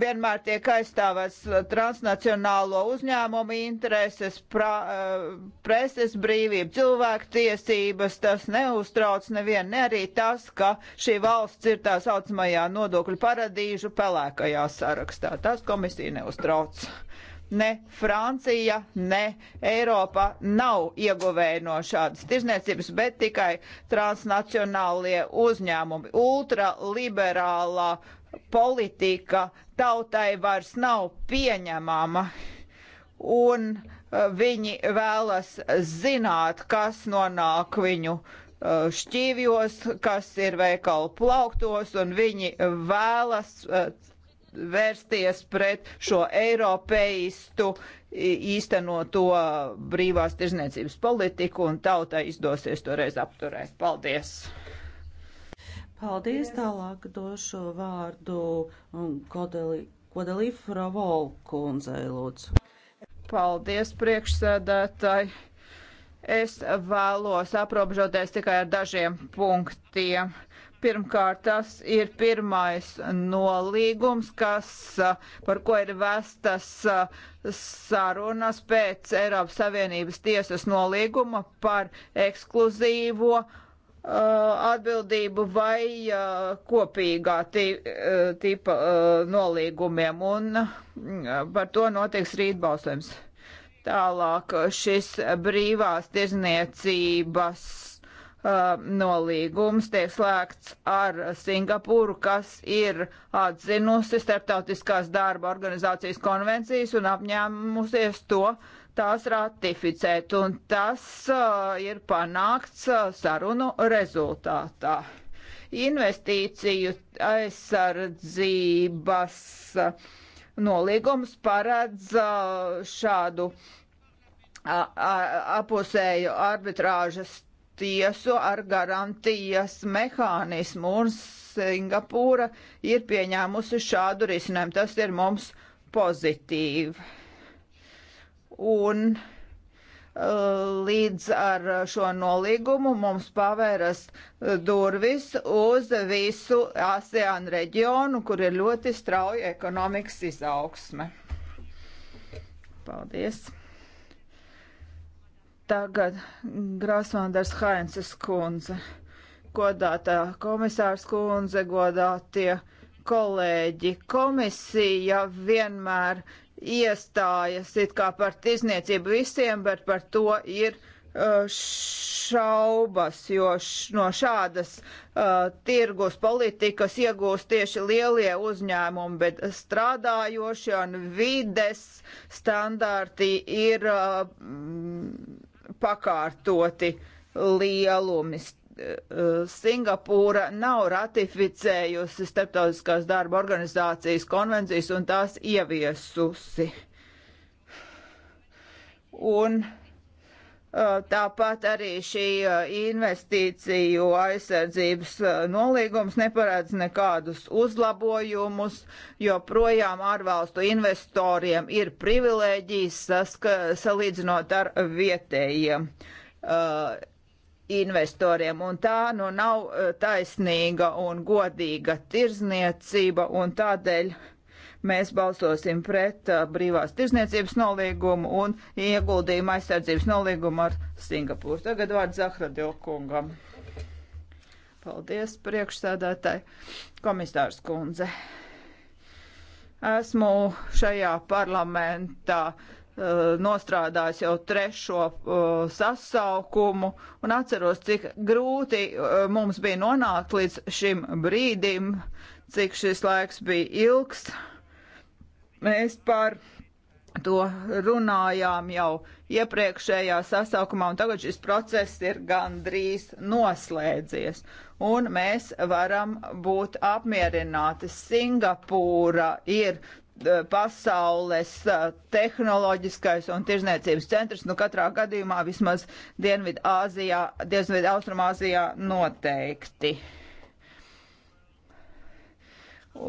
vienmēr tiek aizstāvēts transnacionālo uzņēmumu intereses, pra, preses brīvība, cilvēku tiesības. Tas neuztrauc nevienu, ne arī tas, ka šī valsts ir tā saucamajā nodokļu paradīžu pelēkajā sarakstā. Tas komisija neuztrauc ne Francija, ne Eiropa nav ieguvēji no šādas tirzniecības, bet tikai transnacionālie uzņēmumi. Ultraliberālā politika tautai vairs nav pieņemama. Un uh, viņi vēlas zināt, kas nonāk viņu uh, šķīvjos, kas ir veikalu plauktos, un viņi vēlas uh, vērsties pret šo eiropeistu īstenoto brīvās tirzniecības politiku, un tautai izdosies toreiz apturēt. Paldies! Paldies! Tālāk došu vārdu um, Kodeli, Kodeli Fravol kundzei, lūdzu. Paldies, priekšsēdētāji! Es vēlos aprobežoties tikai ar dažiem punktiem Pirmkārt, tas ir pirmais nolīgums, kas, par ko ir vestas sarunas pēc Eiropas Savienības tiesas nolīguma par ekskluzīvo atbildību vai kopīgā tipa nolīgumiem, un par to notiks rīt balsojums. Tālāk šis brīvās tirzniecības Uh, nolīgums tiek slēgts ar Singapūru, kas ir atzinusi starptautiskās darba organizācijas konvencijas un apņēmusies to tās ratificēt, un tas uh, ir panākts uh, sarunu rezultātā. Investīciju aizsardzības uh, nolīgums paredz uh, šādu uh, apusēju arbitrāžas tiesu ar garantijas mehānismu, un Singapūra ir pieņēmusi šādu risinājumu. Tas ir mums pozitīvi. Un uh, līdz ar šo nolīgumu mums pavēras durvis uz visu ASEAN reģionu, kur ir ļoti strauja ekonomikas izaugsme. Paldies! Tagad Grāsvandars Hainces kundze, godātā komisārs kundze, godātie kolēģi. Komisija vienmēr iestājas it kā par tirzniecību visiem, bet par to ir uh, šaubas, jo no šādas uh, tirgus politikas iegūst tieši lielie uzņēmumi, bet strādājošie un vides standarti ir uh, pakārtoti lielumi. Singapūra nav ratificējusi starptautiskās darba organizācijas konvencijas un tās ieviesusi. Un Tāpat arī šī investīciju aizsardzības nolīgums neparādz nekādus uzlabojumus, jo projām ārvalstu investoriem ir privilēģijas saska, salīdzinot ar vietējiem uh, investoriem, un tā nu nav taisnīga un godīga tirzniecība, un tādēļ uh, Mēs balsosim pret uh, brīvās tirzniecības nolīgumu un ieguldījumu aizsardzības nolīgumu ar Singapūru. Tagad vārds Zahradilkungam. Paldies, priekšsēdētāji, komisārs kundze. Esmu šajā parlamentā uh, nostrādājis jau trešo uh, sasaukumu un atceros, cik grūti uh, mums bija nonākt līdz šim brīdim, cik šis laiks bija ilgs. Uh, Mēs par to runājām jau iepriekšējā sasaukumā, un tagad šis process ir gandrīz noslēdzies. Un mēs varam būt apmierināti. Singapūra ir e, pasaules e, tehnoloģiskais un tirzniecības centrs, nu katrā gadījumā vismaz Dienvidu Āzijā, Dienvidu Austrumāzijā noteikti.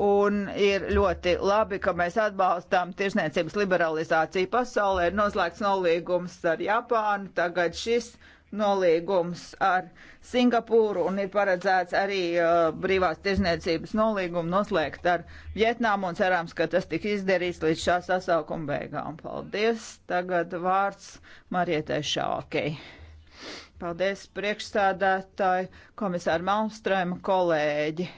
Un ir ļoti labi, ka mēs atbalstām tirsniecības liberalizāciju pasaulē. Ir noslēgts nolīgums ar Japānu, tagad šis nolīgums ar Singapūru un ir paredzēts arī uh, brīvās tirsniecības nolīgumu noslēgt ar Vietnāmu un cerams, ka tas tiks izdarīts līdz šā sasaukuma beigām. Paldies! Tagad vārds Marietai Šākei. Paldies priekšstādātāji, komisāri Malmstrēma, kolēģi!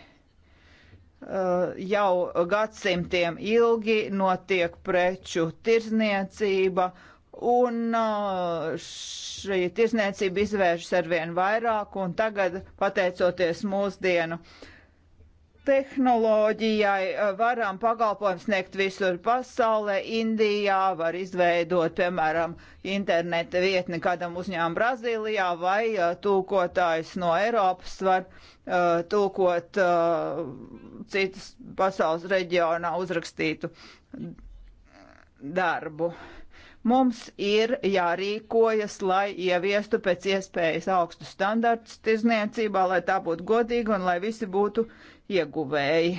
Eh, jau gadsimtiem ilgi notiek preču tirzniecība, un eh, šī tirzniecība izvēršas arvien vairāk, un tagad, pateicoties mūsdienu uh, tehnoloģijai eh, varam pakalpojumu sniegt visur pasaulē. Indijā var izveidot, piemēram, interneta vietni kādam uzņēmumam Brazīlijā, vai eh, tūkotājs no Eiropas var uh, tūkot uh, citas pasaules reģionā uzrakstītu darbu. Mums ir jārīkojas, lai ieviestu pēc iespējas augstu standartus tirzniecībā, lai tā būtu godīga un lai visi būtu uh, ieguvēji.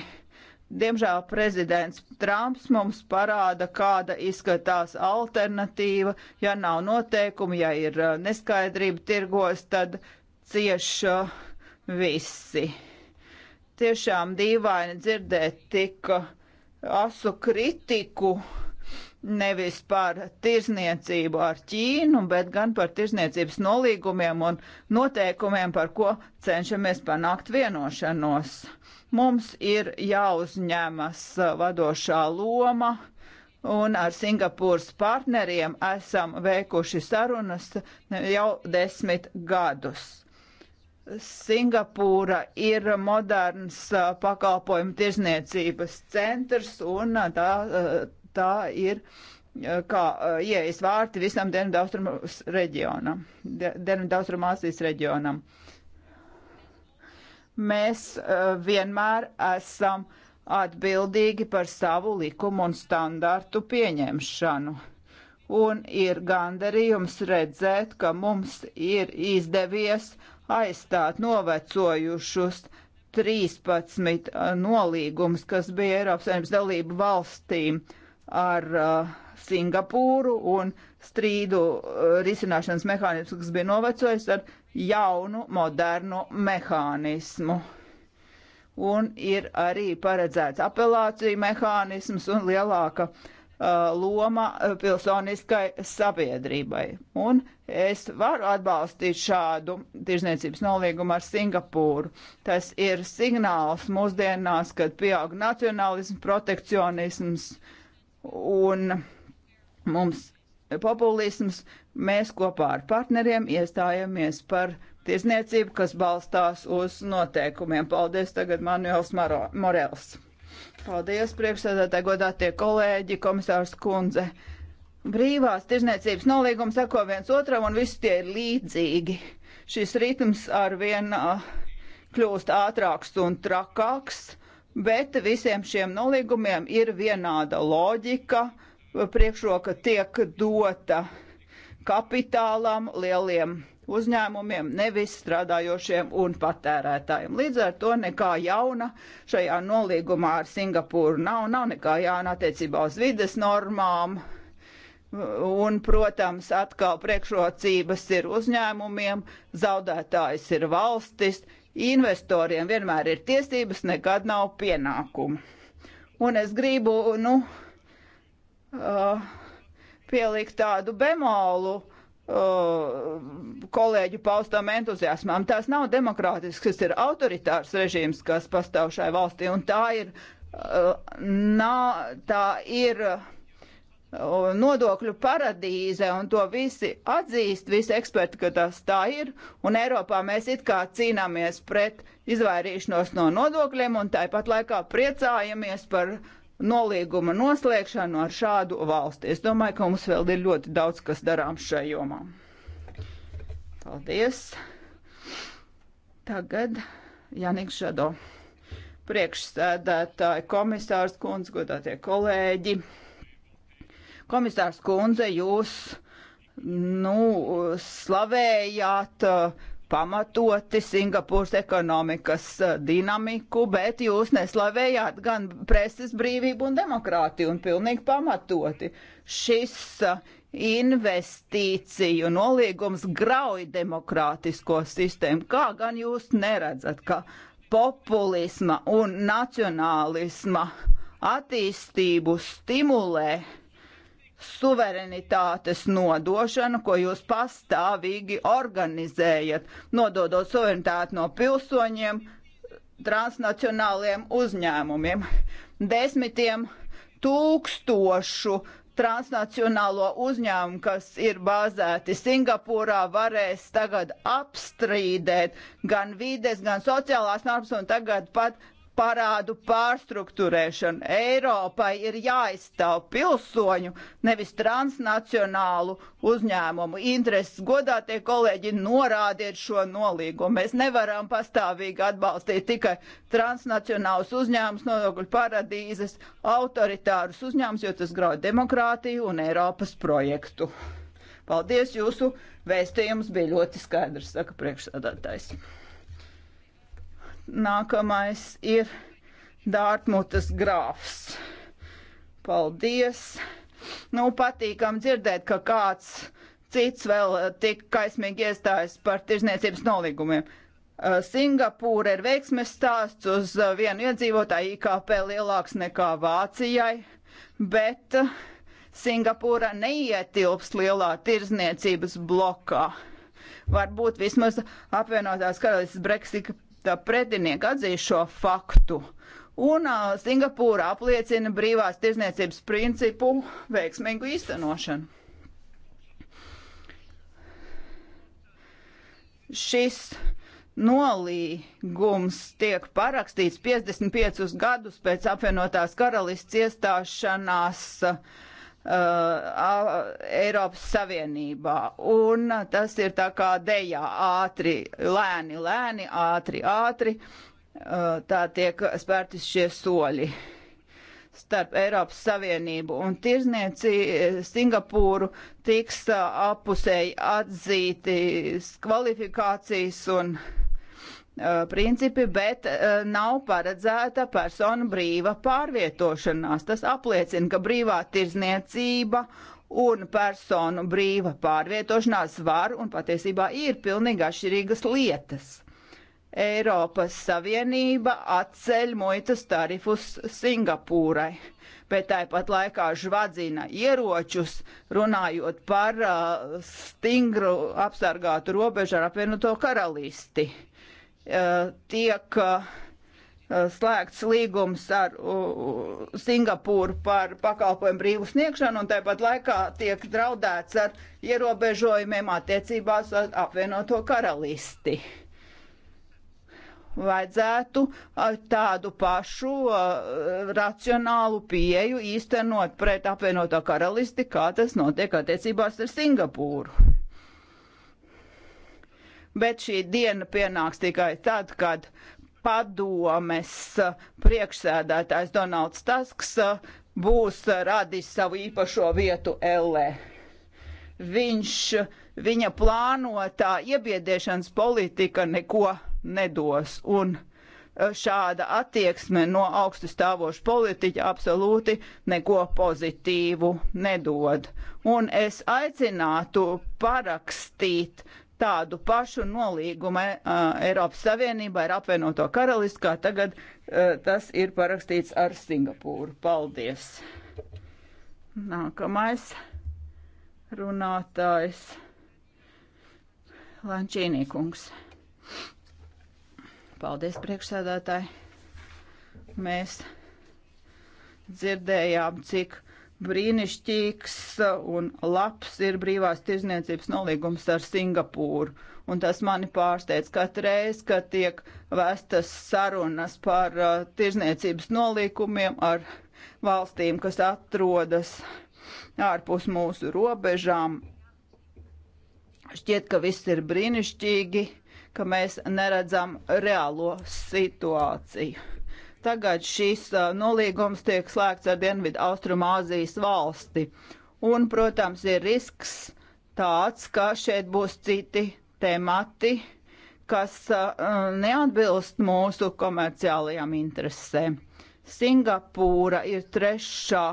Diemžēl prezidents Trumps mums parāda, kāda izskatās alternatīva. Ja nav noteikumi, ja ir uh, neskaidrība tirgos, tad cieš uh, visi. Tiešām dīvaini dzirdēt tik uh, asu kritiku nevis par tirzniecību ar Ķīnu, bet gan par tirzniecības nolīgumiem un noteikumiem, par ko cenšamies panākt vienošanos. Mums ir jāuzņemas uh, vadošā loma un ar Singapūras partneriem esam veikuši sarunas jau desmit gadus. Singapūra ir moderns uh, pakalpojumu tirzniecības centrs un uh, tā tā ir eh, kā eh, ieejas vārti visam Dienvidaustrumu reģionam, Dienvidaustrumu Āzijas reģionam. Mēs eh, vienmēr esam atbildīgi par savu likumu un standartu pieņemšanu. Un ir gandarījums redzēt, ka mums ir izdevies aizstāt novecojušus 13 nolīgumus, kas bija Eiropas Savienības dalību valstīm. Uh, ar uh, Singapūru un strīdu uh, risināšanas mehānismu, kas bija novecojis ar jaunu, modernu mehānismu. Un ir arī paredzēts apelāciju mehānisms un lielāka uh, loma uh, pilsoniskai sabiedrībai. Un es varu atbalstīt šādu tirzniecības nolīgumu ar Singapūru. Tas ir signāls mūsdienās, kad pieaug nacionālisms, protekcionisms, uh, un mums populisms, mēs kopā ar partneriem iestājamies par tiesniecību, kas balstās uz noteikumiem. Paldies tagad Manuels Maro, Morels. Paldies priekšsēdētāji godātie kolēģi, komisārs Kundze. Brīvās tirzniecības nolīgums sako viens otram un visi tie ir līdzīgi. Šis ritms ar vien ah, kļūst ātrāks un trakāks. Uh, bet visiem šiem nolīgumiem ir vienāda loģika, priekšroka tiek dota kapitālam, lieliem uzņēmumiem, nevis strādājošiem un patērētājiem. Līdz ar to nekā jauna šajā nolīgumā ar Singapūru nav, nav nekā jauna attiecībā uz vides normām. Un, protams, atkal priekšrocības ir uzņēmumiem, zaudētājs ir valstis, Investoriem vienmēr ir tiesības, nekad nav pienākumu. Un es gribu, nu, uh, pielikt tādu bemolu uh, kolēģu paustam entuziasmām. Tās nav demokrātisks, tas ir autoritārs režīms, kas pastāv šai valstī, un tā ir, uh, nā, tā ir uh, nodokļu paradīze, un to visi atzīst, visi eksperti, ka tas tā ir, un Eiropā mēs it kā cīnāmies pret izvairīšanos no nodokļiem, un tāpat laikā priecājamies par nolīguma noslēgšanu ar šādu valsti. Es domāju, ka mums vēl ir ļoti daudz, kas darāms šai jomā. Paldies! Tagad Janik Žado, priekšsēdētāji, komisārs kundz, godātie kolēģi. Komisārs Kundze, jūs nu, slavējāt uh, pamatoti Singapūras ekonomikas uh, dinamiku, bet jūs neslavējāt gan preses brīvību un demokrātiju, un pilnīgi pamatoti. Šis uh, investīciju nolīgums grauj demokrātisko sistēmu. Kā gan jūs neredzat, ka populisma un nacionālisma attīstību stimulē suverenitātes nodošanu, ko jūs pastāvīgi organizējat, nododot suverenitāti no pilsoņiem transnacionāliem uzņēmumiem. Desmitiem tūkstošu transnacionālo uzņēmumu, kas ir bāzēti Singapūrā, varēs tagad apstrīdēt gan vides, gan sociālās normas un tagad pat parādu pārstruktūrēšanu. Eiropai ir jāizstāv pilsoņu, nevis transnacionālu uzņēmumu intereses. Godātie kolēģi, norādiet šo nolīgumu. Mēs nevaram pastāvīgi atbalstīt tikai transnacionālus uzņēmumus, nodokļu paradīzes, autoritārus uzņēmumus, jo tas grauj demokrātiju un Eiropas projektu. Paldies, jūsu vēstījums bija ļoti skaidrs, saka priekšsādātājs. Nākamais ir Dārtmutas grāfs. Paldies! Nu, patīkam dzirdēt, ka kāds cits vēl tik kaismīgi iestājas par tirzniecības nolīgumiem. Eh, Singapūra ir veiksmes stāsts uz eh, vienu iedzīvotāju IKP lielāks nekā Vācijai, bet eh, Singapūra neietilps lielā tirzniecības blokā. Varbūt vismaz apvienotās karalistas Brexit pretinieki atzīst šo faktu. Un uh, Singapūra apliecina brīvās tirzniecības principu veiksmīgu īstenošanu. Šis nolīgums tiek parakstīts 55 gadus pēc apvienotās karalists iestāšanās uh, uh, Eiropas Savienībā. Un tas ir tā kā dejā ātri, lēni, lēni, ātri, ātri. Uh, tā tiek spērti šie soļi starp Eiropas Savienību un tirzniecību Singapūru tiks uh, apusēji atzīti kvalifikācijas un uh, Uh, principi, bet uh, nav paredzēta personu brīva pārvietošanās. Tas apliecina, ka brīvā tirzniecība un personu brīva pārvietošanās var un patiesībā ir pilnīgi atšķirīgas lietas. Eiropas Savienība atceļ muitas tarifus Singapūrai, bet tāpat laikā žvadzina ieročus, runājot par uh, stingru apsargātu robežu ar apvienoto karalisti. Uh, Eh, tiek eh, slēgts līgums ar Singapūru par pakalpojumu brīvu sniegšanu, un tāpat laikā tiek draudēts ar ierobežojumiem attiecībās ar apvienoto karalisti. Vajadzētu eh, tādu pašu racionālu pieju īstenot pret apvienoto karalisti, kā tas notiek attiecībās ar Singapūru bet šī diena pienāks tikai tad, kad padomes priekšsēdētājs Donalds Tasks būs radis savu īpašo vietu Ellē. Viņš, viņa plānotā iebiedēšanas politika neko nedos, un šāda attieksme no augstu stāvošu politiķa absolūti neko pozitīvu nedod. Un es aicinātu parakstīt tādu pašu nolīgumu uh, Eiropas Savienībā ar apvienoto karalistu, kā tagad uh, tas ir parakstīts ar Singapūru. Paldies! Nākamais runātājs Lančīnī kungs. Paldies, priekšsēdētāji! Mēs dzirdējām, cik brīnišķīgs un labs ir brīvās tirzniecības nolīgums ar Singapūru. Un tas mani pārsteidz katru reizi, kad tiek vestas sarunas par uh, tirzniecības nolīkumiem ar valstīm, kas atrodas ārpus mūsu robežām. Šķiet, ka viss ir brīnišķīgi, ka mēs neredzam reālo situāciju. Tagad šis nolīgums tiek slēgts ar Dienvidu Austrumāzijas valsti. Un, protams, ir risks tāds, ka šeit būs citi temati, kas neatbilst mūsu komerciālajām interesēm. Singapūra ir trešā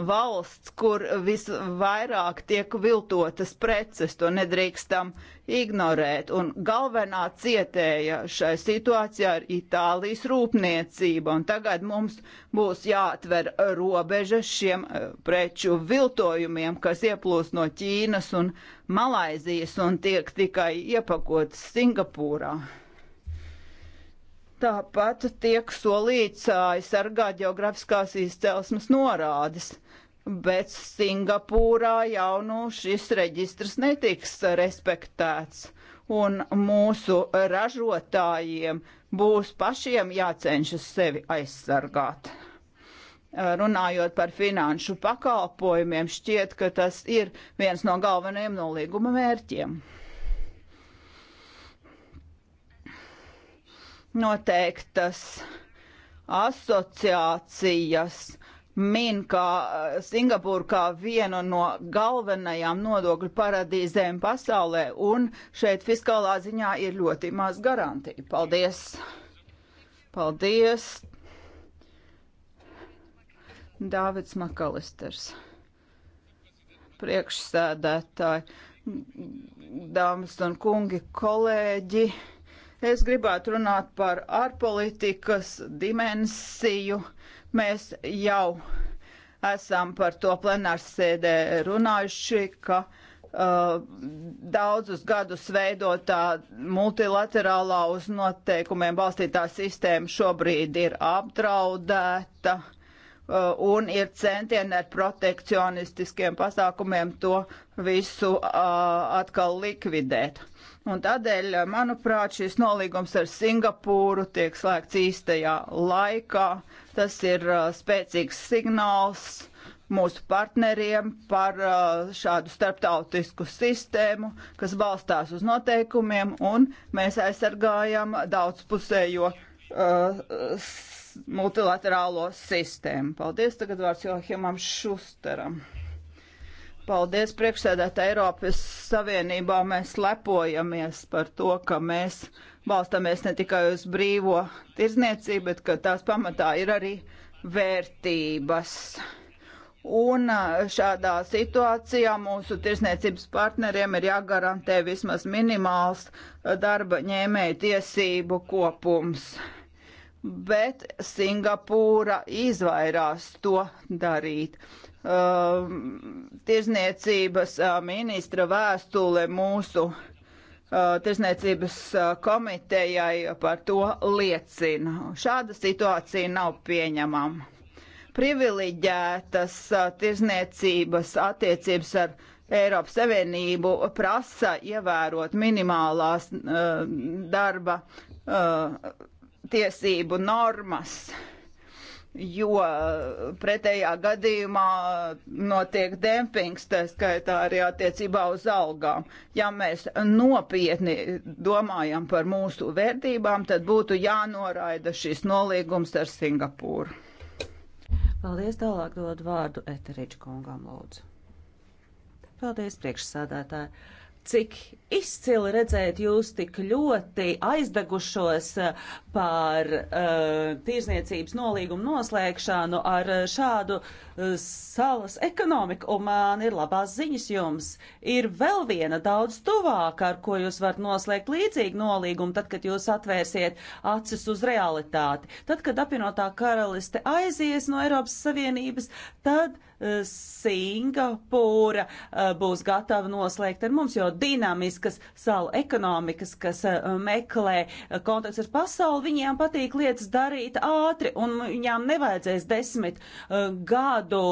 valsts, kur visvairāk tiek viltotas preces, to nedrīkstam ignorēt. Un galvenā cietēja šai situācijā ir Itālijas rūpniecība, un tagad mums būs jāatver robeža šiem eh, preču viltojumiem, kas ieplūst no Ķīnas un Malaizijas un tiek tikai iepakotas Singapūrā. Tāpat tiek solīts eh, aizsargāt geogrāfiskās izcelsmes norādes bet Singapūrā jau nu šis reģistrs netiks respektēts. Un mūsu ražotājiem būs pašiem jācenšas sevi aizsargāt. Runājot par finanšu pakalpojumiem, šķiet, ka tas ir viens no galvenajiem nolīguma mērķiem. Noteiktas asociācijas min kā eh, Singapūru kā vienu no galvenajām nodokļu paradīzēm pasaulē, un šeit fiskālā ziņā ir ļoti maz garantija. Paldies! Paldies! Dāvids Makalisters, priekšsēdētāji, dāmas un kungi, kolēģi. Es gribētu runāt par ārpolitikas dimensiju. Mēs jau esam par to plenārsēdē runājuši, ka Uh, daudzus gadus veidotā multilaterālā uz noteikumiem balstītā sistēma šobrīd ir apdraudēta. Uh, Uh, un ir centieni ar protekcionistiskiem pasākumiem to visu uh, atkal likvidēt. Un tādēļ, uh, manuprāt, šis nolīgums ar Singapūru tiek slēgts īstajā laikā. Tas ir spēcīgs signāls mūsu partneriem par šādu starptautisku sistēmu, kas balstās uz noteikumiem, un mēs aizsargājam daudzpusējo uh, multilaterālo sistēmu. Paldies, tagad vārds Johimam Šusteram. Paldies, priekšsēdētā Eiropas Savienībā mēs lepojamies par to, ka mēs balstamies ne tikai uz brīvo tirzniecību, bet ka tās pamatā ir arī vērtības. Un šādā situācijā mūsu tirsniecības partneriem ir jāgarantē vismaz minimāls darba ņēmēja tiesību kopums bet Singapūra izvairās to darīt. Um, tirzniecības uh, ministra vēstule mūsu uh, Tirzniecības uh, komitejai par to liecina. Šāda situācija nav pieņemama. Privileģētas uh, tirzniecības attiecības ar Eiropas Savienību prasa ievērot minimālās uh, darba uh, tiesību normas, jo pretējā gadījumā notiek dempings, tā skaitā arī attiecībā uz algām. Ja mēs nopietni domājam par mūsu vērtībām, tad būtu jānoraida šis nolīgums ar Singapūru. Paldies, tālāk dod vārdu Eteriča kungam, lūdzu. Paldies, priekšsādātāji cik izcili redzēt jūs tik ļoti aizdegušos eh, par uh, tirzniecības nolīgumu noslēgšanu ar eh, šādu uh, salas ekonomiku. Un man ir labās ziņas jums. Ir vēl viena daudz tuvāka, ar ko jūs varat noslēgt līdzīgu nolīgumu, tad, kad jūs atvērsiet acis uz realitāti. Tad, kad apvienotā karaliste aizies no Eiropas Savienības, tad Singapūra eh, būs gatava noslēgt ar mums, jo dinamiskas salu ekonomikas, kas eh, meklē kontakts ar pasauli, viņiem patīk lietas darīt ātri, un viņām nevajadzēs desmit eh, gadu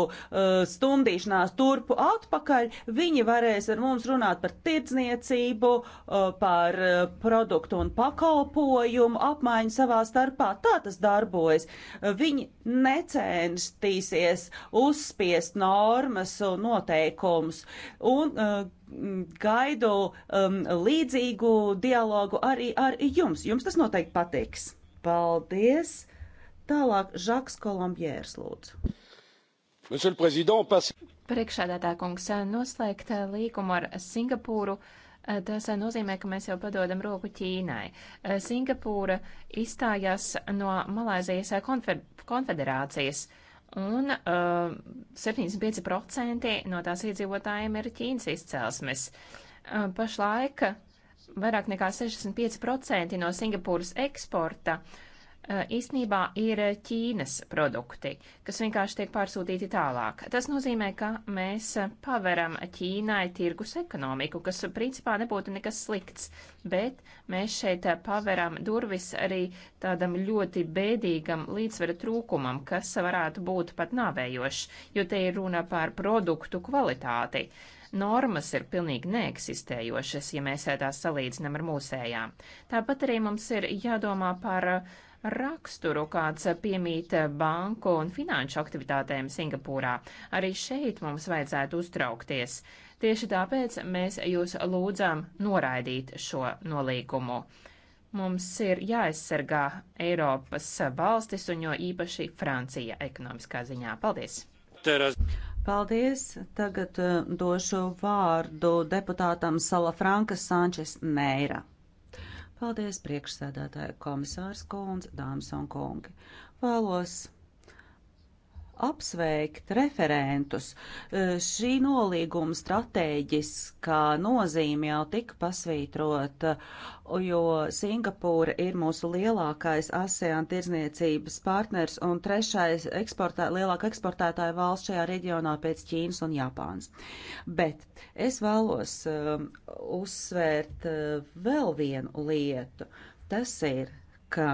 stundīšanās turpu atpakaļ. Viņi varēs ar mums runāt par tirdzniecību, par produktu un pakalpojumu apmaiņu savā starpā. Tā tas darbojas. Viņi necenštīsies uzspiest ieviest normas un noteikumus. Un, uh, gaidu um, līdzīgu dialogu arī ar jums. Jums tas noteikti patiks. Paldies! Tālāk Žaks Kolumbjērs lūdzu. Pas... Priekšādātā kungs noslēgt līgumu ar Singapūru. Tas nozīmē, ka mēs jau padodam roku Ķīnai. Singapūra izstājās no Malāzijas konfederācijas un uh, 75% no tās iedzīvotājiem ir Ķīnas izcelsmes. Uh, pašlaik vairāk nekā 65% no Singapūras eksporta uh, īstenībā ir Ķīnas produkti, kas vienkārši tiek pārsūtīti tālāk. Tas nozīmē, ka mēs paveram Ķīnai tirgus ekonomiku, kas principā nebūtu nekas slikts, bet mēs šeit paveram durvis arī tādam ļoti bēdīgam līdzsvera trūkumam, kas varētu būt pat nāvējošs, jo te ir runa par produktu kvalitāti normas ir pilnīgi neeksistējošas, ja mēs tās salīdzinām ar mūsējām. Tāpat arī mums ir jādomā par raksturu, kāds piemīt banku un finanšu aktivitātēm Singapūrā. Arī šeit mums vajadzētu uztraukties. Tieši tāpēc mēs jūs lūdzam noraidīt šo nolīgumu. Mums ir jāaizsargā Eiropas valstis un jo īpaši Francija ekonomiskā ziņā. Paldies! Teras. Paldies! Tagad eh, došu vārdu deputātam Sala Franka Sančes Meira. Paldies priekšsēdētāju komisārs Kolns, dāmas un kungi. Vēlos apsveikt referentus. E, šī nolīguma stratēģiskā nozīme jau tika pasvītrota, jo Singapūra ir mūsu lielākais ASEAN tirzniecības partners un trešais eksportā, lielāka eksportētāja valsts šajā reģionā pēc Ķīnas un Japānas. Bet es vēlos um, uzsvērt uh, vēl vienu lietu. Tas ir, ka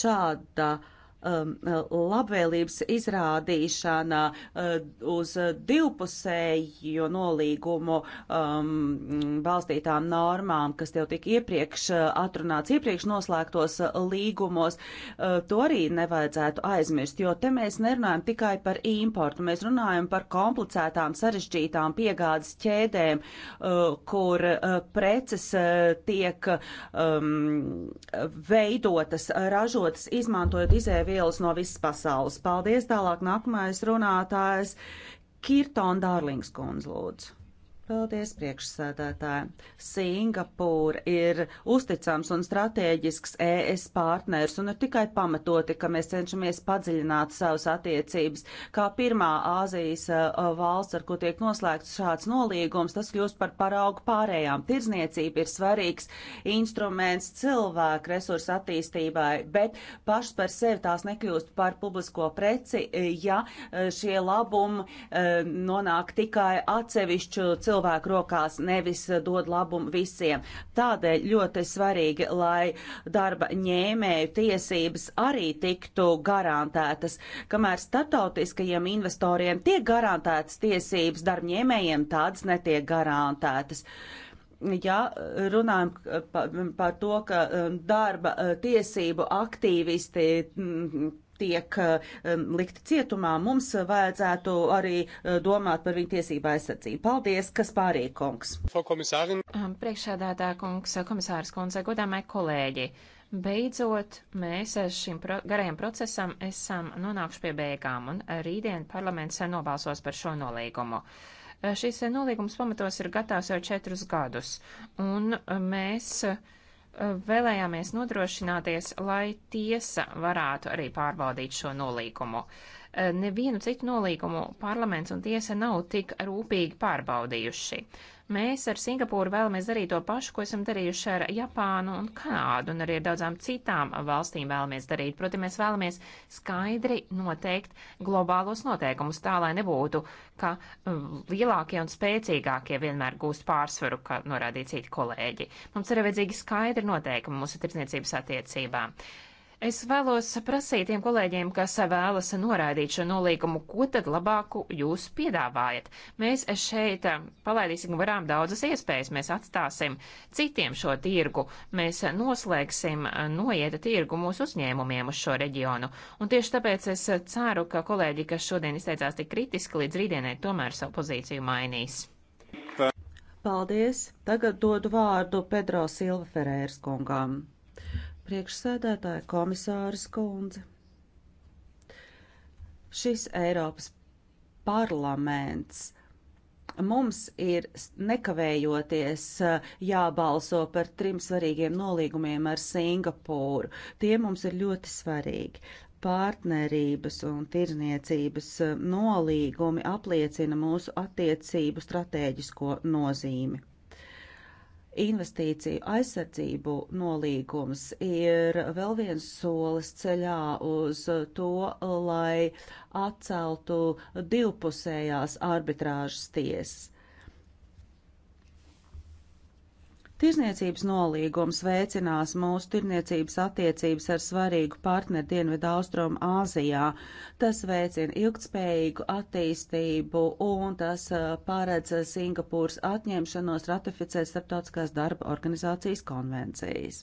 šāda uh, um, labvēlības izrādīšana uh, uz divpusējo nolīgumu um, balstītām normām, kas jau tika iepriekš uh, atrunāts iepriekš noslēgtos uh, līgumos, uh, to arī nevajadzētu aizmirst, jo te mēs nerunājam tikai par importu, mēs runājam par komplicētām, sarežģītām piegādes ķēdēm, uh, kur uh, preces uh, tiek um, veidotas, ražotas, izmantojot izēvi vielas no visas pasaules. Paldies! Tālāk nākamais runātājs Kirton Dārlings kundz lūdzu. Paldies, priekšsēdētāji. Singapūra ir uzticams un strateģisks ES partners un ir tikai pamatoti, ka mēs cenšamies padziļināt savas attiecības. Kā pirmā Āzijas uh, valsts, ar ko tiek noslēgts šāds nolīgums, tas kļūst par paraugu pārējām. Tirzniecība ir svarīgs instruments cilvēku resursu attīstībai, bet pašas par sevi tās nekļūst par publisko preci, ja uh, šie labumi uh, nonāk tikai atsevišķu cilvēku cilvēku rokās, nevis eh, dod labumu visiem. Tādēļ ļoti svarīgi, lai darba ņēmēju tiesības arī tiktu garantētas, kamēr startautiskajiem investoriem tiek garantētas tiesības, darba ņēmējiem tādas netiek garantētas ja runājam par to, ka eh, darba eh, tiesību aktīvisti tiek um, likti cietumā, mums vajadzētu arī uh, domāt par viņu tiesību aizsardzību. Paldies, kas pārī, kungs! Um, Priekšādātā kungs, komisārs kundze, godāmai kolēģi! Beidzot, mēs šim pro garajam procesam esam nonākuši pie beigām, un rītdien parlaments nobalsos par šo nolīgumu. Šis nolīgums pamatos ir gatavs jau četrus gadus, un mēs uh, vēlējāmies nodrošināties, lai tiesa varētu arī pārbaudīt šo nolīkumu. Uh, nevienu citu nolīgumu parlaments un tiesa nav tik rūpīgi pārbaudījuši. Mēs ar Singapūru vēlamies darīt to pašu, ko esam darījuši ar Japānu un Kanādu, un arī ar daudzām citām valstīm vēlamies darīt. Proti, mēs vēlamies skaidri noteikt globālos noteikumus tā, lai nebūtu, ka uh, lielākie un spēcīgākie vienmēr gūst pārsvaru, kā norādīja citi kolēģi. Mums ir vajadzīgi skaidri noteikumi mūsu tirdzniecības attiecībām. Es vēlos prasīt tiem kolēģiem, kas vēlas noraidīt šo nolīgumu, ko tad labāku jūs piedāvājat. Mēs šeit um, palaidīsim varām daudzas iespējas, mēs atstāsim citiem šo tirgu, mēs noslēgsim uh, noieta tirgu mūsu uzņēmumiem uz šo reģionu. Un tieši tāpēc es ceru, ka kolēģi, kas šodien izteicās tik kritiski, līdz rītdienai tomēr savu pozīciju mainīs. Paldies! Tagad dodu vārdu Pedro Silva Ferēras kungām priekšsēdētāja komisāras kundze. Šis Eiropas parlaments mums ir nekavējoties uh, jābalso par trim svarīgiem nolīgumiem ar Singapūru. Tie mums ir ļoti svarīgi. Partnerības un tirzniecības uh, nolīgumi apliecina mūsu attiecību stratēģisko nozīmi investīciju aizsardzību nolīgums ir vēl viens solis ceļā uz to, lai atceltu divpusējās arbitrāžas tiesas. Tirzniecības nolīgums veicinās mūsu tirzniecības attiecības ar svarīgu partneri Dienvidu Austrum Āzijā. Tas veicina ilgtspējīgu attīstību un tas paredz Singapūras atņemšanos ratificēt starptautiskās darba organizācijas konvencijas.